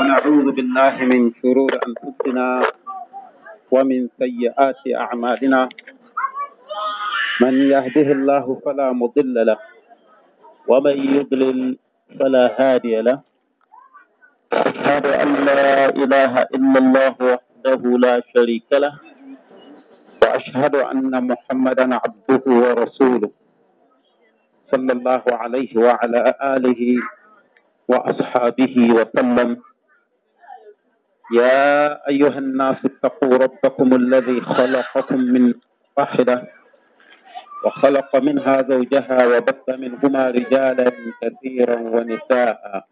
ونعوذ بالله من شرور أنفسنا ومن سيئات أعمالنا من يهده الله فلا مضل له ومن يضلل فلا هادي له أشهد أن لا إله إلا الله وحده لا شريك له وأشهد أن محمدا عبده ورسوله صلى الله عليه وعلى آله وأصحابه وسلم يا أيها الناس اتقوا ربكم الذي خلقكم من واحدة وخلق منها زوجها وبث منهما رجالا كثيرا ونساء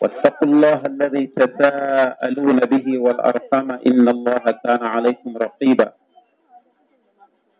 واتقوا الله الذي تساءلون به والأرحام إن الله كان عليكم رقيبا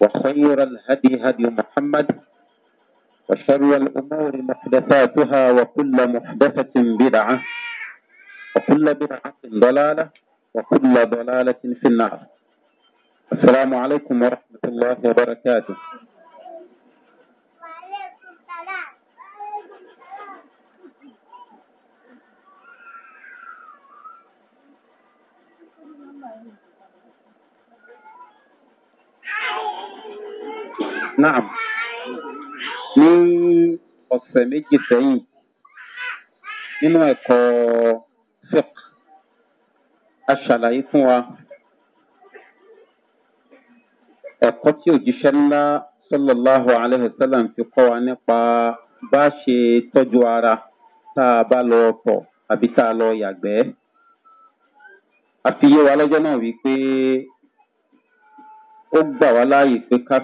وخير الهدي هدي محمد وشر الأمور محدثاتها وكل محدثة بدعة وكل بدعة ضلالة وكل ضلالة في النار السلام عليكم ورحمة الله وبركاته Naam. Ní ọ̀sẹ̀ méjì sẹ́yìn, nínú ẹ̀kọ́ FIC, a ṣàlàyé fún wa ẹ̀kọ́ tí òjíṣẹ́ ńlá sallallahu alayhi wa fi kọ́ wa nípa bá ṣe tọ́jú ara tá a bá lọ tọ̀ àbí tá a lọ yàgbẹ́. A fi yé wa lọ́jọ́ náà wípé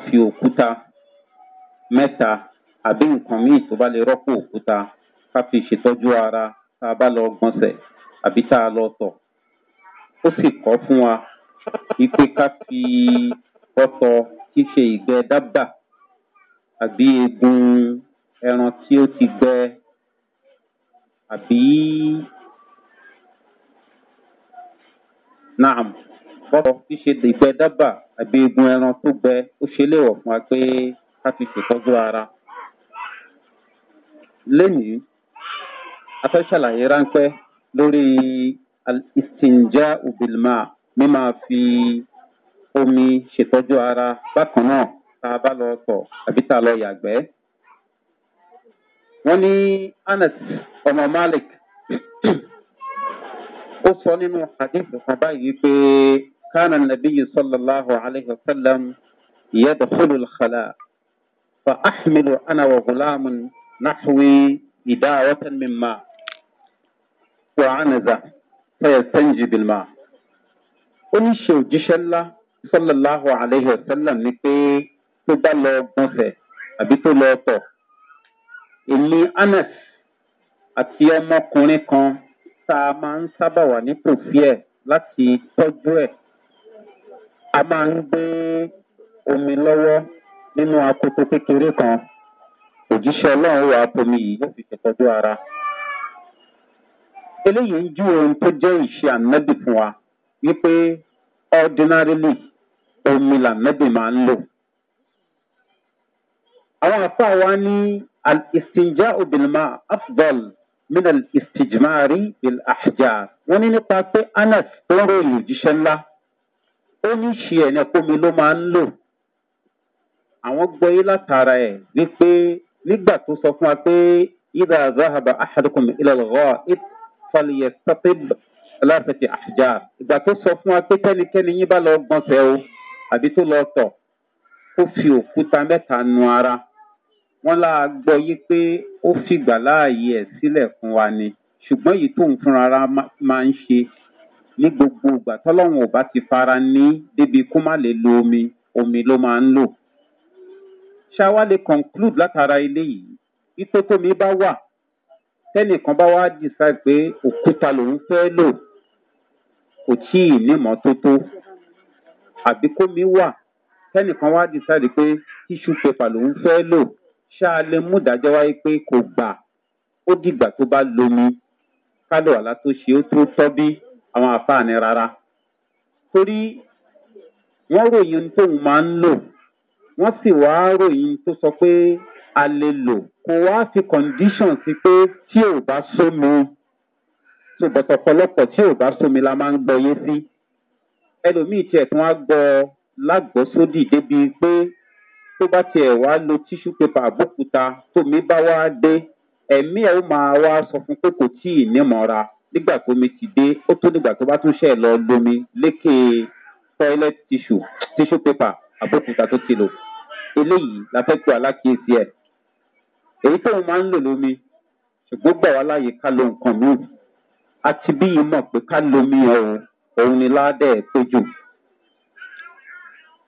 fi òkúta. mẹ́ta àbí nǹkan míì tó bá lè rọ́pò òkúta ká fi ṣètọ́jú ara tá a bá lọ gbọ̀nsẹ̀ àbí tá a lọ tọ̀. ó sì kọ́ fún wa wípé ká fi ọtọ tí í ṣe ìgbẹ́ dábà àbí egun ẹran tí ó ti gbẹ àbí naam bọ́tọ̀ tí ṣe ìgbẹ́ dábà àbí egun ẹran tó gbẹ ó ṣe léwọ̀ fún wa pé ká fi ṣètọ́jú ara. Lénìí, a fẹ́ ṣàlàyé ráńpẹ́ lórí ìsìnjá òbílmà mímọ fi omi ṣètọ́jú ara bákan náà tá a bá lọ sọ àbí tá a lọ yàgbẹ́. Wọ́n ní Anas ọmọ Malik ó sọ nínú hadith kan báyìí pé kánà nàbíyí sọ́lá aláhùn aláhùn sálàm yẹ́dọ̀ fúlùl khalá. فأحمل أنا وغلام نحوي إدارة من ماء وعنزة فيستنجي بالماء oníṣe òjíṣẹ́ ńlá sọ́lọ́láhùn àlẹ́yìn ọ̀sẹ́lẹ̀m ni pé tó bá lọ gbọ́nfẹ̀ àbí tó lọ tọ̀ èmi anas àti ọmọkùnrin kan tá a máa ń sábà wà ní tòfí ẹ̀ láti tọ́jú ẹ̀ a máa ń gbé omi lọ́wọ́ nínú akoto kékeré kan òjíṣẹ́ ọlọ́run wà pomi yìí yóò fi ṣètọ́jú ara. eléyìí ń jú ohun tó jẹ́ ìṣe ànábì fún wa wípé ordinarily omi lànábì máa ń lò. àwọn àfáà wa ní al-istinja obìnrinma afdol min al-istijmari bil-ahjar wọ́n ní nípa pé anas tó ń ròyìn òjíṣẹ́ ńlá ó ní ṣe ẹ̀ ní ló máa ń lò àwọn gbọ́ yé látara ẹ̀ wípé nígbà tó sọ fún wa pé ìdá zahaba ahadukum ilalgọ́ ìfọlìyẹ sọ́tìb aláfẹ̀tì àṣìjà ìgbà tó sọ fún wa pé kẹ́nikẹ́ni yín bá lọ gbọ́nsẹ̀ o àbí tó lọ tọ̀ kó fi òkúta mẹ́ta nu ara wọn láà gbọ́ yé pé ó fìgbà láàyè ẹ̀ sílẹ̀ fún wa ni ṣùgbọ́n èyí tóun fúnra ara máa ń ṣe ní gbogbo ìgbà tọ́lọ́run ò bá ti fara ní débi kó má lè lo omi omi ló máa ń lò ṣá wá lè conclude látara eléyìí wípé tómi bá wà tẹnìkan bá wá decide pé òkúta lòún fẹ́ lò kò tí ì nímọ́tótó àbí kómi wà tẹnìkan wá decide pé tíṣù pépà lòún fẹ́ lò ṣáà lè mú ìdájọ́ wáyé pé kò gbà ó dìgbà tó bá lomi kálọ̀ àlá tó ṣe ó tó tọ́ bí àwọn àfáàní rárá torí wọ́n ròyìn tóun máa ń lò wọ́n sì wá ròyìn tó sọ pé a lè lò kó wá fi condition sí pé tí ò bá sómi tó bọ̀tọ̀ ọ̀pọ̀lọpọ̀ tí ò bá sómi la máa ń gbọ yé sí ẹlòmíì tiẹ̀ tí wọ́n gbọ́ lágbọ́sódì débi pé tó bá tiẹ̀ wá lo tíṣú pépà àbókúta tómi bá wá dé ẹ̀mí ẹ̀ ó máa wá sọ fún pé kò tíì nímọ̀ra nígbà tómi ti dé ó tó nígbà tó bá tún ṣẹ̀ lọ lomi lékè toilet tissue tíṣú pépà àbókúta tó ti lò eléyìí la fẹ́ pé alákìísí ẹ̀ èyí tóun máa ń lò lómi ṣùgbọ́n gbà wá láàyè ká lo nǹkan míì àti bí yìí mọ̀ pé ká lomi ọ̀hún òun ni ládẹ́ ẹ̀ pé jù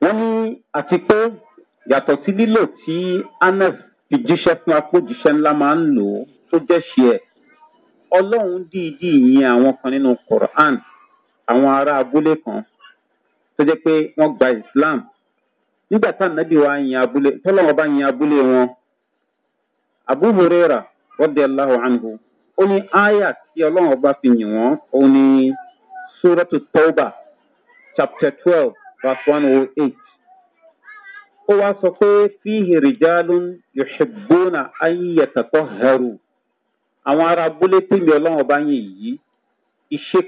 wọ́n ní àti pé yàtọ̀ sí lílò tí anas fi jíṣẹ́ fún apójíṣẹ́ ńlá máa ń lò ó tó jẹ́ ṣe ẹ̀ ọlọ́run dìídì yin àwọn kan nínú quran àwọn ará abúlé kan tó jẹ́ pé wọ́n gba islam nígbà tá nàbí wa yin abúlé tọ́lọ́wọ́ bá yin abúlé wọn abu huraira rọ́bì allahu anhu ó ní aya tí ọlọ́wọ́ bá fi yìn ọ ó ní suratu tauba chapter twelve verse one oh eight ó wá sọ pé fíhì rìjálùn yòṣègbónà ayéyàtàtọ̀ àwọn ará abúlé yin yìí ìṣe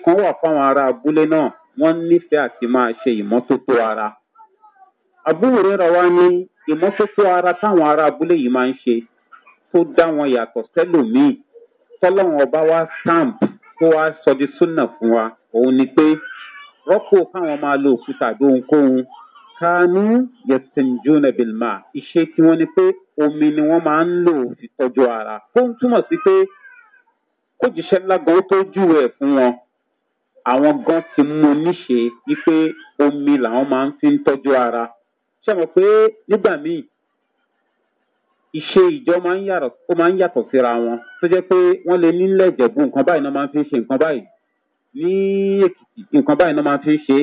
kan wà ará abúlé náà wọ́n nífẹ̀ẹ́ àti ara. àbúrò rẹ wa ní ìmọ́tótó ara táwọn ará abúlé yìí máa ń ṣe tó dá wọn yàtọ̀ sẹ́lòmíì tọ́lọ́wọ́n ọba wa stamp kó wa sọ di súnà fún wa òun ni pé rọ́pò káwọn máa lo òkúta àbí ohunkóhun kánú yẹtìnjúnẹbìlmà iṣẹ́ tí wọ́n ní pé omi ni wọ́n máa ń lò fi tọ́jú ara ó ń túmọ̀ sí pé kó jíṣẹ́ lágan ó tó júwe ẹ̀ fún wọn àwọn gan ti mú un níṣe wípé omi làwọn máa ń fi ń tọ́jú ara ṣe mọ̀ pé nígbà míì ìṣe ìjọ máa ń yàtọ̀ ó máa ń yàtọ̀ síra wọn tó jẹ́ pé wọ́n lè nílẹ̀ ìjẹ̀bú nǹkan báyìí náà máa ń fi ṣe nǹkan báyìí ní èkìtì nǹkan báyìí náà máa ń fi ṣe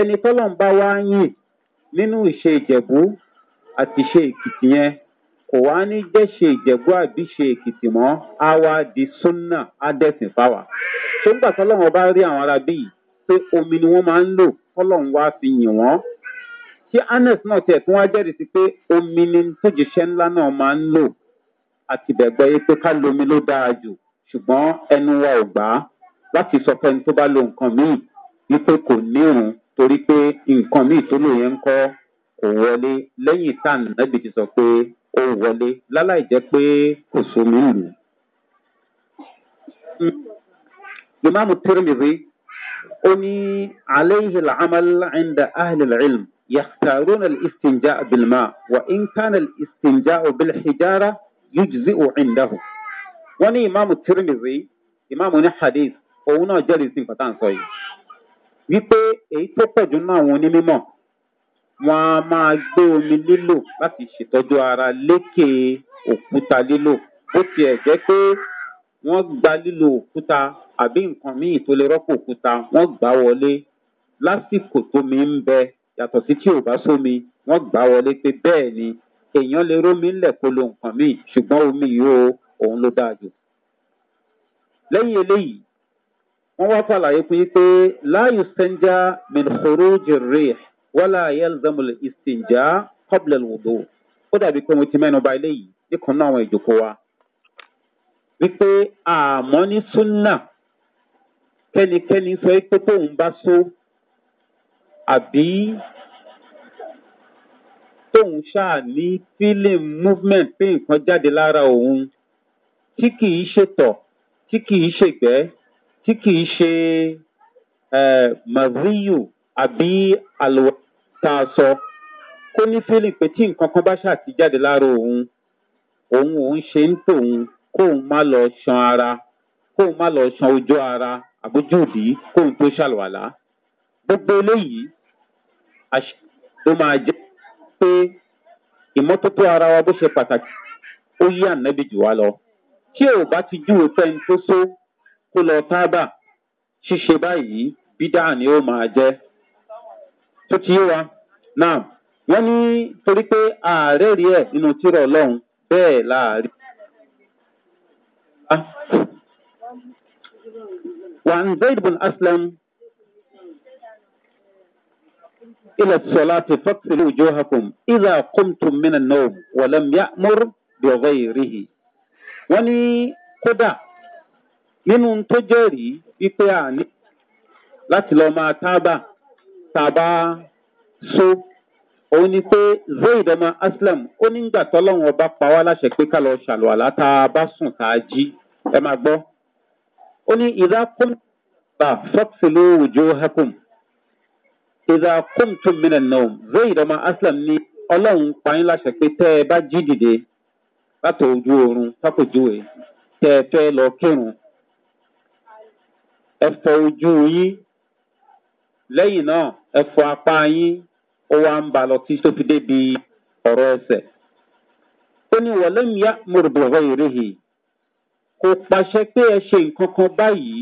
ẹni tọ́lọ̀ ń bá wá yìn nínú ìṣe ìjẹ̀bú àti ìṣe èkìtì yẹn kò wá ní jẹ́ ṣe ìjẹ̀bú àbí ṣe èkìtì mọ́ á wá di súnà á dẹ̀sìn fáwà ṣé nígbà tọ́lọ́wọ́n bá rí àwọn arábí yìí pé omi ni wọ́n máa ń lò tọ́lọ́wọ́n wá fi yìn wọ́n tí anas náà tiẹ̀ tún wá jẹ́rìí sí pé omi ni tójìṣẹ́ ńlá náà máa ń lò àti bẹ̀gbẹ́ yìí pé ká lomi ló dáa jù ṣùgbọ́n ẹnu wa ò gbà á láti sọ fẹ́ni tó bá lo nǹkan míì wípé kò ní òun torí pé nǹkan míì tó lò yẹn ń kọ́ kò wọlé lẹ́yìn tán nẹ́bi ti sọ pé ó wọlé láláì jẹ́ pé kò sómi ìlú. ìmáàmù tìrìmìrì ó ní àlẹ́ ìhìlá amáláńdà áhìlẹ̀ ìlmù. يختارون الاستنجاء بالماء وإن كان الاستنجاء بالحجارة يجزئ عندهم وني إمام الترمذي إمام حديث وهنا جالس فتان صحيح wípé èyí tó pẹ̀jù náà wọn ní mímọ̀ wọn a máa gbé omi lílò láti ṣètọ́jú ara lékè òkúta lílò bó tiẹ̀ jẹ́ pé wọ́n gba lílo òkúta àbí nǹkan míì tó lè rọ́pò òkúta wọ́n gbá wọlé lásìkò tómi ń bẹ yàtọ̀ sí tí ò bá sómi wọ́n gbà wọlé pé bẹ́ẹ̀ ni èèyàn lè rómi ńlẹ̀ kó lo nǹkan míì ṣùgbọ́n omi yìí o òun ló dáa jù. lẹ́yìn eléyìí wọ́n wá fàlàyé fún yín pé láàyè sẹ́ńjà mìnkòrò jèrè wọ́lá yẹ́lzẹ́mùlì ìsìnjà kọ́bìlẹ̀ lòdò ó dàbí pé mo ti mẹ́nu ba eléyìí nìkan náà àwọn ìjòkó wa wípé àmọ́ ní súnà kẹ́nikẹ́ni sọ pé tóun bá só. So, àbí tóun ṣáà ní feeling movement pé nǹkan jáde lára òun tí kìí ṣètọ̀ tí kìí ṣègbẹ́ tí kìí ṣe màríyù àbí àlùwà kó ní feeling pé tí nǹkan kan bá ṣáà ti jáde lára òun òun òun ṣe ń tòun kóun má lọ ṣan ara kóun má lọ ṣan ojú ara àbójú òdì kóun tó ṣàlùwàlá gbogbo eléyìí ó máa jẹ́ pé ìmọ́tótó ara wa bó ṣe pàtàkì ó yí ànábì jù wá lọ. tí ò bá ti júwe fẹ́ni tó só kó lọ tábà ṣíṣe báyìí bídà ni ó máa jẹ́. tó ti yé wa náà wọ́n ní torí pé ààrẹ rí ẹ̀ nínú tírọ̀ ọlọ́run bẹ́ẹ̀ láàrin. وعن زيد بن أسلم إلى الصلاة فاغسلوا وجوهكم إذا قمتم من النوم ولم يأمر بغيره وني كدا من tó jẹ́rìí لا àní láti lọ máa tábà tàbá so òun ni pé zayd ọmọ aslam ó nígbà tọ́lọ́run ọba pa wá láṣẹ pé ká lọ ṣàlùwàlá tá bá sùn tá a jí ẹ máa gbọ́ ó ìdá kún bá ló wùjọ́ hẹ́kùn ìdá kóńtò mìíràn náà zayd ọmọ aslam ní ọlọ́run pààyàn láṣẹ pé tẹ́ ẹ bá jí dìde látò ojú oorun sápòjúwe tẹ́ ẹ fẹ́ lọ kírun ẹ fọ ojú yín lẹ́yìn náà ẹ fọ apá yín ó wá ń ba lọ tí tó fi débi ọ̀rọ̀ ẹsẹ̀ ó ní wọlé miya mọ̀rọ̀bọ̀rọ̀ ìrèhè kò pàṣẹ pé ẹ ṣe nǹkan kan báyìí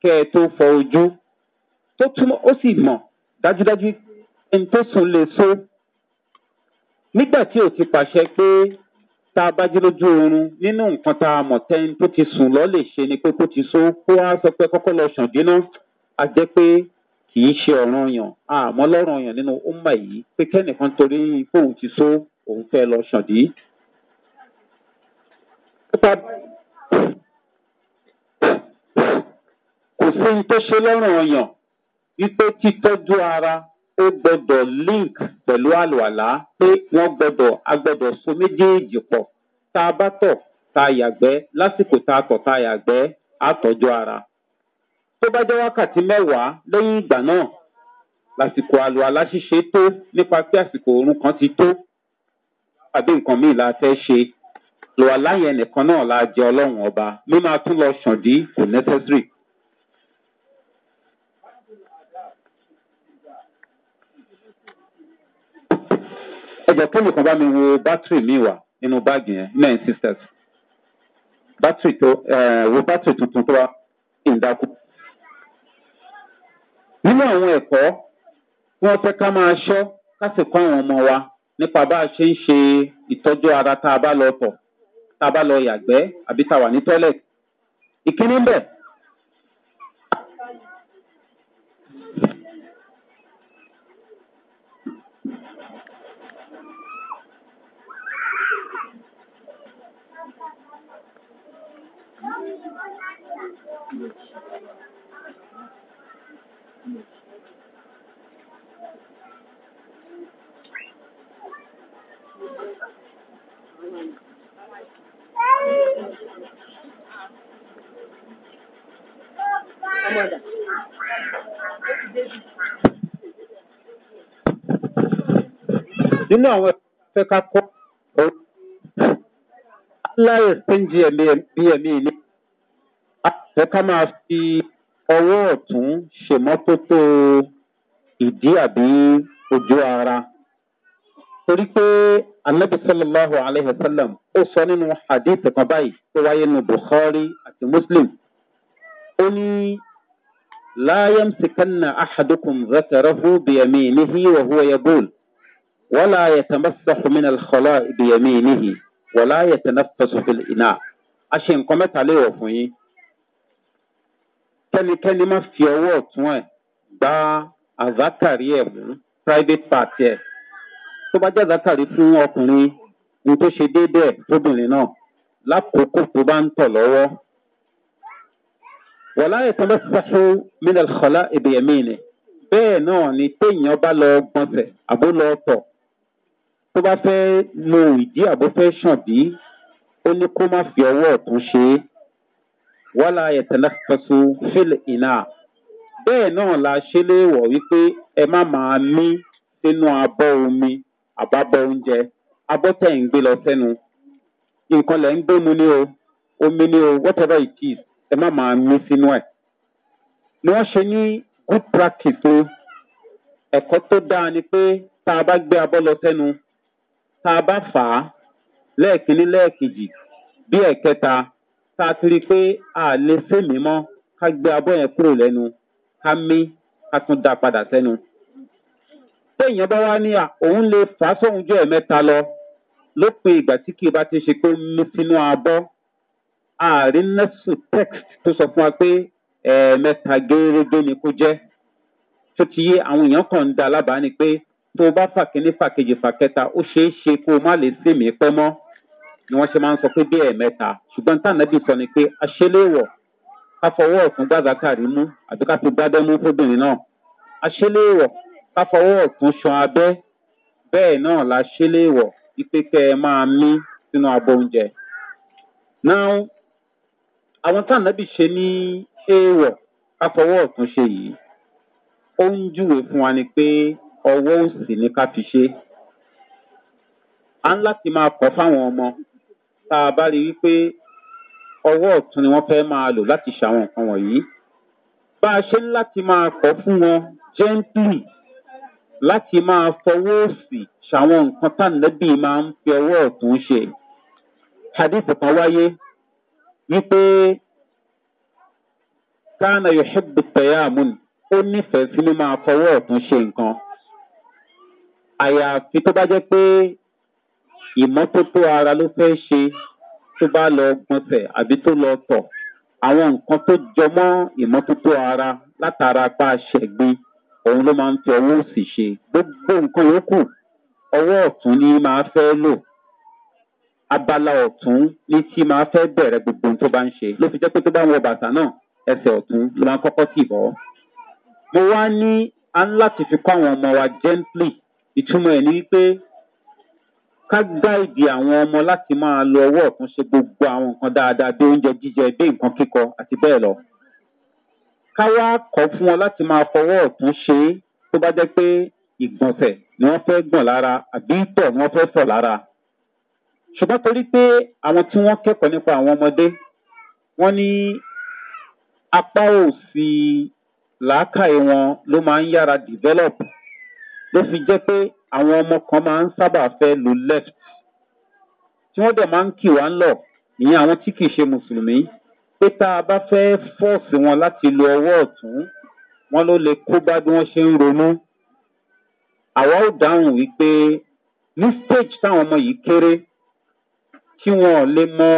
kẹ́ ẹ tó fọ ojú tó túmọ̀ ó sì mọ̀ dájúdájú ẹni tó sùn lè so nígbà tí ò ti pàṣẹ pé tá a bá jí lójú oorun nínú nǹkan tá a mọ̀ tẹ́ni tó ti sùn lọ lè ṣe ni pé kó ti so kó wá sọ pé kọ́kọ́ lọ sàn dínà a jẹ́ pé kì í ṣe ọ̀ràn yàn àmọ́ lọ́ràn yàn nínú ọmọ yìí pé kẹ́nìkan torí fóun ti so òun fẹ́ lọ sàn dí. kò sí ohun tó ṣe lọ́rùn ọ̀yàn wípé títọ́jú ara ó gbọdọ̀ link pẹ̀lú àlùwàlá pé wọ́n gbọdọ̀ a gbọdọ̀ so méjèèjì pọ̀ tá a bá tọ̀ tá a yàgbẹ́ lásìkò tá a tọ̀ tá a yàgbẹ́ á tọ́jú ara. tó bá jẹ́ wákàtí mẹ́wàá lẹ́yìn ìgbà náà lásìkò àlùwàlá ṣíṣe tó nípa pé àsìkò oorun kan ti tó àbí nǹkan míì la fẹ́ ṣe lùwàlá yẹn nìkan náà la jẹ ọlọ́run ọba mímọ́ a tún lọ ṣàǹdí kò necessary. jọ pólò kan bá mi wo bátìrì mi wà nínú báàgì yẹn nine sisters bátìrì tó wo bátìrì tuntun tó wá ìdákù. nínú àwọn ẹ̀kọ́ tí wọ́n fẹ́ ká máa ṣọ́ ká sì kọ́ àwọn ọmọ wa nípa bá a ṣe ń ṣe ìtọ́jú ara tá a bá lọ tọ̀ tá a bá lọ yàgbẹ́ àbí tá a wà ní tọ́lẹ̀tì. ìkíní bẹ́ẹ̀ nínú àwọn ẹ̀fẹ́ ká kọ́ ọ̀rọ̀ aláyẹ̀ sẹ́ńjì ẹ̀mí ẹ̀mí ni pé ká máa fi ọwọ́ ọ̀tún ṣèmọ́tótó ìdí àbí ojú ara. Torí pé Anabi sallallahu alayhi wa sallam ó sọ nínú hadith kan báyìí tó wáyé nu Bukhari àti Muslim. Ó ní láyẹ̀m sikanna axadukun zakarahu biyami nihi wa huwa yabul wala yatamasaxu min alkhala biyami nihi wala yatanafasu fil ina. A mẹ́ta léwọ̀ fún yín kẹ́nikẹ́ni má fi ọwọ́ ọ̀tún ẹ̀ gba àzákàrí ẹ̀ mú private part ẹ̀ tó bá jẹ́ àzákàrí fún ọkùnrin ní tó ṣe déédéẹ̀ tóbìnrin náà lákòókò tó bá ń tọ̀ lọ́wọ́. wọ̀lá ẹ̀tọ́ bá sàfún mineral kọ́lá èdè ẹ̀mí ni bẹ́ẹ̀ náà ni téèyàn bá lọ gbọ̀nsẹ̀ àbó lọ tọ̀ tó bá fẹ́ lo ìdí àbó fẹ́ sàn bí ó ní kó má fi ọwọ́ ọ̀tún ṣe é. wàlá yẹtẹlẹfẹsù fíl iná bẹ́ẹ̀ náà la ṣe léèwọ̀ wípé ẹ má máa mí sínú abọ́ omi àbábọ́ oúnjẹ abọ́ tẹ̀ ń gbé lọ sẹ́nu nǹkan lẹ̀ ń o omi ní o whatever it is ẹ má máa mí sínú ẹ̀ ni wọ́n ṣe ní good practice o ẹ̀kọ́ tó dáa ni pé tá a bá gbé abọ́ lọ sẹ́nu tá a bá fà tá a ti rí i pé a lè fèmí mọ́ ká gbé abọ́ yẹn kúrò lẹ́nu ká mí ká tún dá padà sẹ́nu. téèyàn bá wá ní òun lè fà á sóhun jọ ẹ̀mẹ́ta lọ lópin ìgbà tí kì í bá ti ṣe pé ó mú sínú abọ́ ààrí nẹ́sù text tó sọ fún wa pé ẹ̀ẹ̀mẹ́ta gẹ́gẹ́ ni kó jẹ́ tó ti yé àwọn èèyàn kan ń da alábàá ni pé tó o bá fà kíní fà kejì fà kẹta ó ṣeé ṣe kó o má lè sèmí pẹ́ mọ́ ni wọ́n ṣe máa ń sọ pé bí ẹ̀ẹ̀mẹta ṣùgbọ́n tànàbí sọ ni pé aṣeléwọ̀ ká fọwọ́ ọ̀tún gbàdákàrí mú àbí ká fi gbádẹ́ mú fóbìnrin náà aṣeléwọ̀ ká fọwọ́ ọ̀tún ṣan abẹ́ bẹ́ẹ̀ náà la ṣeléwọ̀ wípé kẹ́ ẹ máa mí sínú abọ́ oúnjẹ. náà àwọn tànàbí ṣe ní èèwọ̀ ká fọwọ́ ọ̀tún ṣe yìí ó ń júwe fún wa ni pé ọwọ́ òsì ni ká fi ṣe à ń láti máa kọ́ fáwọn ọmọ tá a bá rí wípé ọwọ́ ọ̀tún ni wọ́n fẹ́ máa lò láti ṣàwọn nǹkan wọ̀nyí. bá a ṣe ń láti máa kọ́ fún wọn gently láti máa fọwọ́ òsì ṣàwọn nǹkan tánàbí máa ń fi ọwọ́ ọ̀tún ṣe. hadith kan wáyé wípé kánà yòóhìbù tẹ̀yàmùn ó nífẹ̀ẹ́ sínú máa fọwọ́ ọ̀tún ṣe nǹkan. àyàfi tó bá jẹ́ pé ìmọ́tótó ara ló fẹ́ ṣe tó bá lọ gbọ̀nsẹ̀ àbí tó lọ tọ̀ àwọn nǹkan tó jọmọ́ ìmọ́tótó ara látara apá ṣẹ̀gbin òun ló máa ń fi ọwọ́ òsì ṣe gbogbo nǹkan yòókù ọwọ́ ọ̀tún ni máa fẹ́ lò abala ọ̀tún ní tí máa fẹ́ bẹ̀rẹ̀ gbogbo ohun tó bá ń ṣe ló fi jẹ́ pé tó bá ń wọ bàtà náà ẹsẹ̀ ọ̀tún ló máa kọ́kọ́ tì bọ́. mo wá ní a ń láti fi kọ́ àwọn ọmọ wa gently ìtumọ̀ ẹ̀ ní wípé ká gáìdì àwọn ọmọ láti máa lo ọwọ́ ọ̀tún ṣe gbogbo àwọn nǹkan dáadáa dé oúnjẹ jíjẹ dé nǹkan kíkọ àti bẹ́ẹ̀ lọ. ká wá kọ́ fún wọn láti máa fọwọ́ ọ̀tún ṣe é tó bá jẹ́ pé ìgbọ̀nsẹ̀ ni wọ́n fẹ́ gbọ̀n lára àbí ìtọ̀ ni wọ́n fẹ́ sọ̀ lára. ṣùgbọ́n torí pé àwọn tí wọ́n kẹ́kọ̀ọ́ nípa àwọn ọmọdé wọ́n ní apá òsì làákàyè wọn ló máa ń yára develop ló fi jẹ́ pé àwọn ọmọ kan máa ń sábà fẹ́ lo left tí wọ́n dẹ̀ máa ń kì wá lọ ìyẹn àwọn tí kìí ṣe mùsùlùmí pé tá a bá fẹ́ fọ́ọ̀sì wọn láti lo ọwọ́ ọ̀tún wọn ló lè kó bá bí wọ́n ṣe ń ronú. àwa ò dáhùn wípé ní stage táwọn ọmọ yìí kéré tí wọn ò lè mọ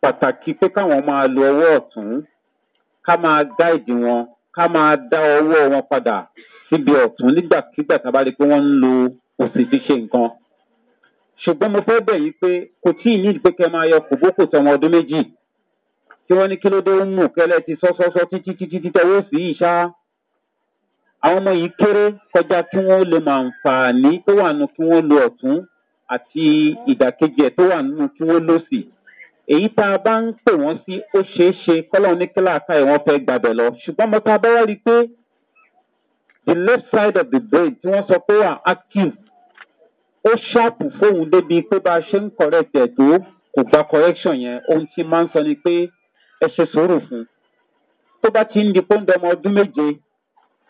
pàtàkì pé káwọn máa lo ọwọ́ ọ̀tún ká máa gáìdì wọn ká máa dá ọwọ́ wọn padà síbi ọ̀tún nígbàkigbà tá a bá rí i pé wọ́n ń lo òsì fi ṣe nǹkan. ṣùgbọ́n mo fẹ́ bẹ̀ yí pé kò tí ì ní ìpè kẹ́ máa yọ kòbókò tọmọ ọdún méjì tí wọ́n ní kí ló dé ń mú kẹ́lẹ́ ti sọ́sọ́sọ́ títí títí títí ọwọ́ sí yìí ṣá. àwọn ọmọ yìí kéré kọjá kí wọ́n lè máa ń fà ní tó wà nù kí wọ́n lo ọ̀tún àti ìdàkejì ẹ̀ tó wà nù kí wọ́n lòsì èyí tá a bá ń pè wọ́n sí ó ṣeé ṣe kọ́lọ́ọ̀ ní kíláàká ẹ̀ wọ́n fẹ́ gbàbẹ̀ lọ ṣùgbọ́n mo ta bá wá rí i pé the left side of the brain tí wọ́n sọ pé wà active ó ṣáàpù fóun débi pé bá a ṣe ń correct ẹ̀ tó kò gba correction yẹn ohun tí máa ń sọ ni pé ẹ ṣe sòrò fún un tó bá ti ń di pọ́ńdọ̀ ọmọ ọdún méje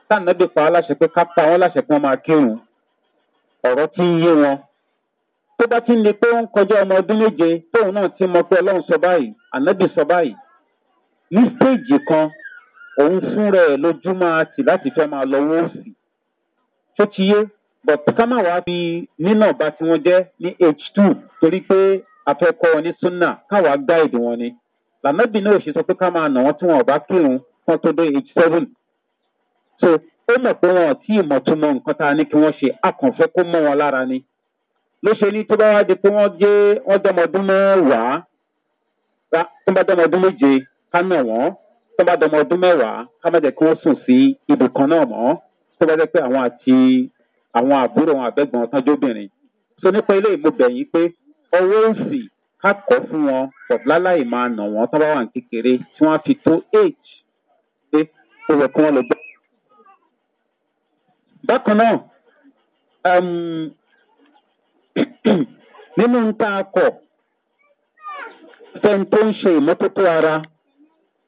táà náà bí pa á láṣẹ pé ká pa wọ́n láṣẹ pé wọ́n máa kírun ọ̀rọ̀ tí ń yé wọn tó bá ti ń le pé ó ń kọjá ọmọ ọdún méje tóun náà ti mọ pé ọlọ́run sọ báyìí ànábì sọ báyìí ní stéèjì kan òun fúnra ẹ̀ lójú máa tì láti fẹ́ máa lọ wọ́ọ̀sì tó ti yé but ká má wàá fi nínà bá tí wọ́n jẹ́ ní h 2 torí pé afẹ́kọ́ ní sunna káwàá gbá èdè wọn ni lànàbì náà ṣe sọ pé ká máa nà wọ́n tí wọn ò bá kírun kán tó dé h 7 so ó mọ̀ pé wọn ò tí ì mọ̀ tó mọ nǹkan tá a kí wọ́n ṣe akànfẹ́ kó mọ́ wọn lára ni ló ṣe ní tó bá wá di pé wọ́n gé wọ́n dọmọdún mẹ́wàá tó bá dọmọdún méje ká nà wọ́n tó bá dọmọdún mẹ́wàá ká má jẹ́ kí wọ́n sùn sí ibì kan náà mọ́ tó bá jẹ́ pé àwọn àti àwọn àbúrò àwọn àbẹ́gbọ̀n tánjóbìnrin so nípa ilé ìmúbẹ̀ yìí pé ọwọ́ òsì ká kọ́ fún wọn pọ̀bùlá láì máa nà wọ́n tó bá wà ní kékeré tí wọ́n á fi tó age pé ó yẹ kí wọ́n lọ nínú tá a kọ̀ fẹ́ni tó ń ṣe ìmọ́tótó ara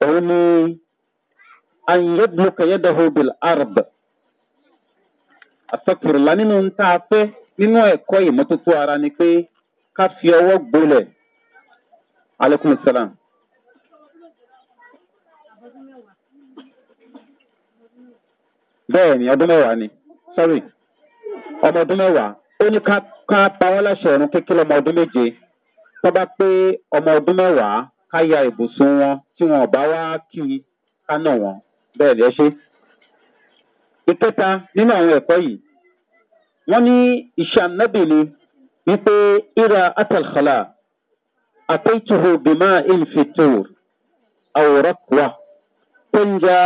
òun ni anyadlukayadahu bil arb àtọkùrùlá nínú tá a pé nínú ẹ̀kọ́ ìmọ́tótó ara ni pé ká fi ọwọ́ gbolẹ̀ aleykum salaam. bẹ́ẹ̀ ni ọdún mẹ́wàá ni sorry ọmọ ọdún mẹ́wàá ó ní ká ká pa wọ́n láṣẹ ọ̀run kékeré ọmọ ọdún méje tó bá pé ọmọ ọdún mẹ́wàá ká ya ìbùsùn wọn tí wọn ò bá wá kí i ká nà wọn bẹ́ẹ̀ lẹ́ ṣe. ìkẹta nínú àwọn ẹ̀kọ́ yìí wọ́n ní iṣẹ́ anábì ni wípé ira atalkhala àtẹ̀tùhù bímá ìlfìtòr àwòrán tó ń já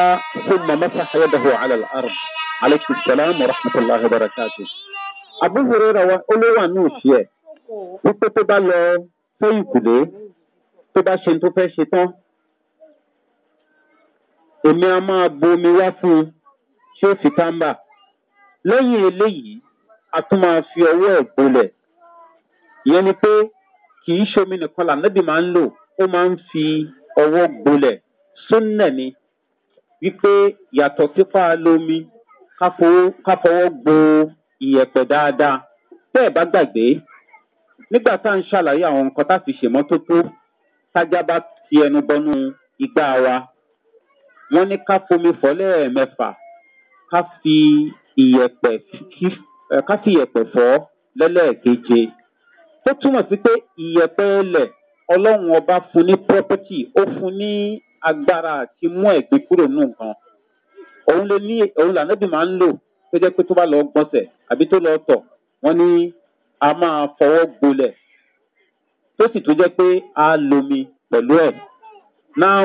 fún mamasa ayédèhù alàlárùn aleykum salaam wa rahmatulahi wa barakatuh àbúrò rẹ wa ó ló wà ní òsì ẹ wípé tó bá lọ fẹyìn kùlé tó bá ṣe tó fẹ ṣe tán èmi a máa bo omi wá fún un tí ó fi tábà lẹyìn eléyìí a tún máa fi ọwọ ẹ gbolẹ ìyẹn ni pé kì í ṣomi nìkan lànàbì máa ń lò ó máa ń fi ọwọ gbolẹ súnnà ni wípé yàtọ̀ sípa lomi ká fọwọ́ gbo ìyẹ̀pẹ̀ dáadáa bẹ́ẹ̀ bá gbàgbé nígbà tá à ń ṣàlàyé àwọn nǹkan tá a fi ṣèmọ́tótó tájá bá ti ẹnu bọnú igbá wa wọ́n ní ká fomi fọ́ lẹ́ẹ̀mẹfà ká fi ìyẹ̀pẹ̀ ká fi ìyẹ̀pẹ̀ fọ́ lẹ́lẹ́ẹ̀keje tó túmọ̀ sí pé ìyẹ̀pẹ̀ ẹlẹ̀ ọlọ́run ọba fún ní property ó fún ní agbára àti mú ẹ̀gbin kúrò nù nǹkan òun lè ní òun làǹdẹ́bì máa ń lò tó jẹ́ pé tó bá lọ gbọ́nsẹ̀ àbí tó lọ tọ̀ wọ́n ní a máa fọwọ́ gbolẹ̀ tó sì tún jẹ́ pé a lomi pẹ̀lú ẹ̀. Now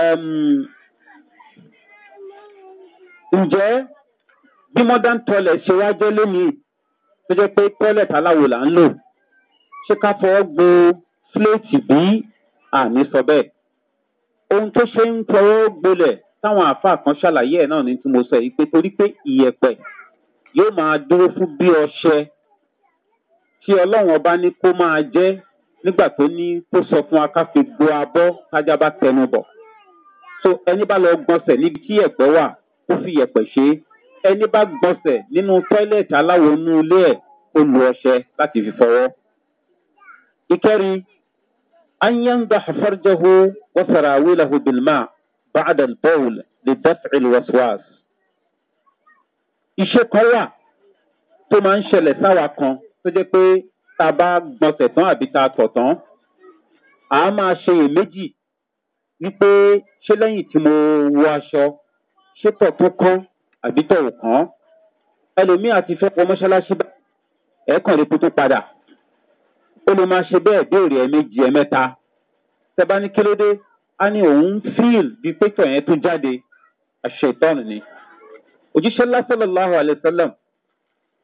um, ǹjẹ́ bí modern toilet ṣe wá jẹ́ lónìí tó jẹ́ pé toilet aláwo là ń lò ṣé ká fọwọ́ gbo fúlẹ̀tì bí àní sọ bẹ́ẹ̀ ohun tó ṣe ń fọwọ́ gbolẹ̀ táwọn àáfàá kan ṣàlàyé ẹ̀ náà ní tí mo sọ yìí pé torí pé ìyẹ̀pẹ̀ yóò máa dúró fún bí ọṣẹ tí ọlọ́run ọba ní kó máa jẹ́ nígbà tó ní kó sọ fún wa ká fi gbo abọ́ tájá bá tẹnu bọ̀ so ẹni bá lọ gbọ̀nsẹ̀ níbi tí yẹ̀pẹ̀ wà kó fi yẹ̀pẹ̀ ṣe é ẹni bá gbọ̀nsẹ̀ nínú tọ́ílẹ̀tì aláwo inú ilé ẹ̀ kó lu ọṣẹ láti fi fọwọ́. ìkẹrin anyangba hafarjahu wasarawilahu bilmaa بعد البول لدفع الوسواس iṣẹ́ kan wà tó máa ń ṣẹlẹ̀ sáwa kan tó jẹ́ pé tá a bá gbọ̀nsẹ̀ tán àbí tá a tọ̀ tán a máa ṣe èméjì wípé ṣé lẹ́yìn tí mo wọ aṣọ ṣé tọ̀ tó kán àbí tọ̀ ò kán ẹlòmíì àti fẹ́ pọ mọ́ṣáláṣí bá ẹ̀ẹ́kàn lè kótó padà ó lè máa ṣe bẹ́ẹ̀ béèrè ẹ̀ẹ́mẹ́jì ẹ̀ẹ́mẹ́ta tẹ bá ní kí ló dé á ní òun fíìl bíi pétọ̀ yẹn tó jáde àṣetán ni òjíṣẹ́ lásàlọ́láhùn alẹ́sálàm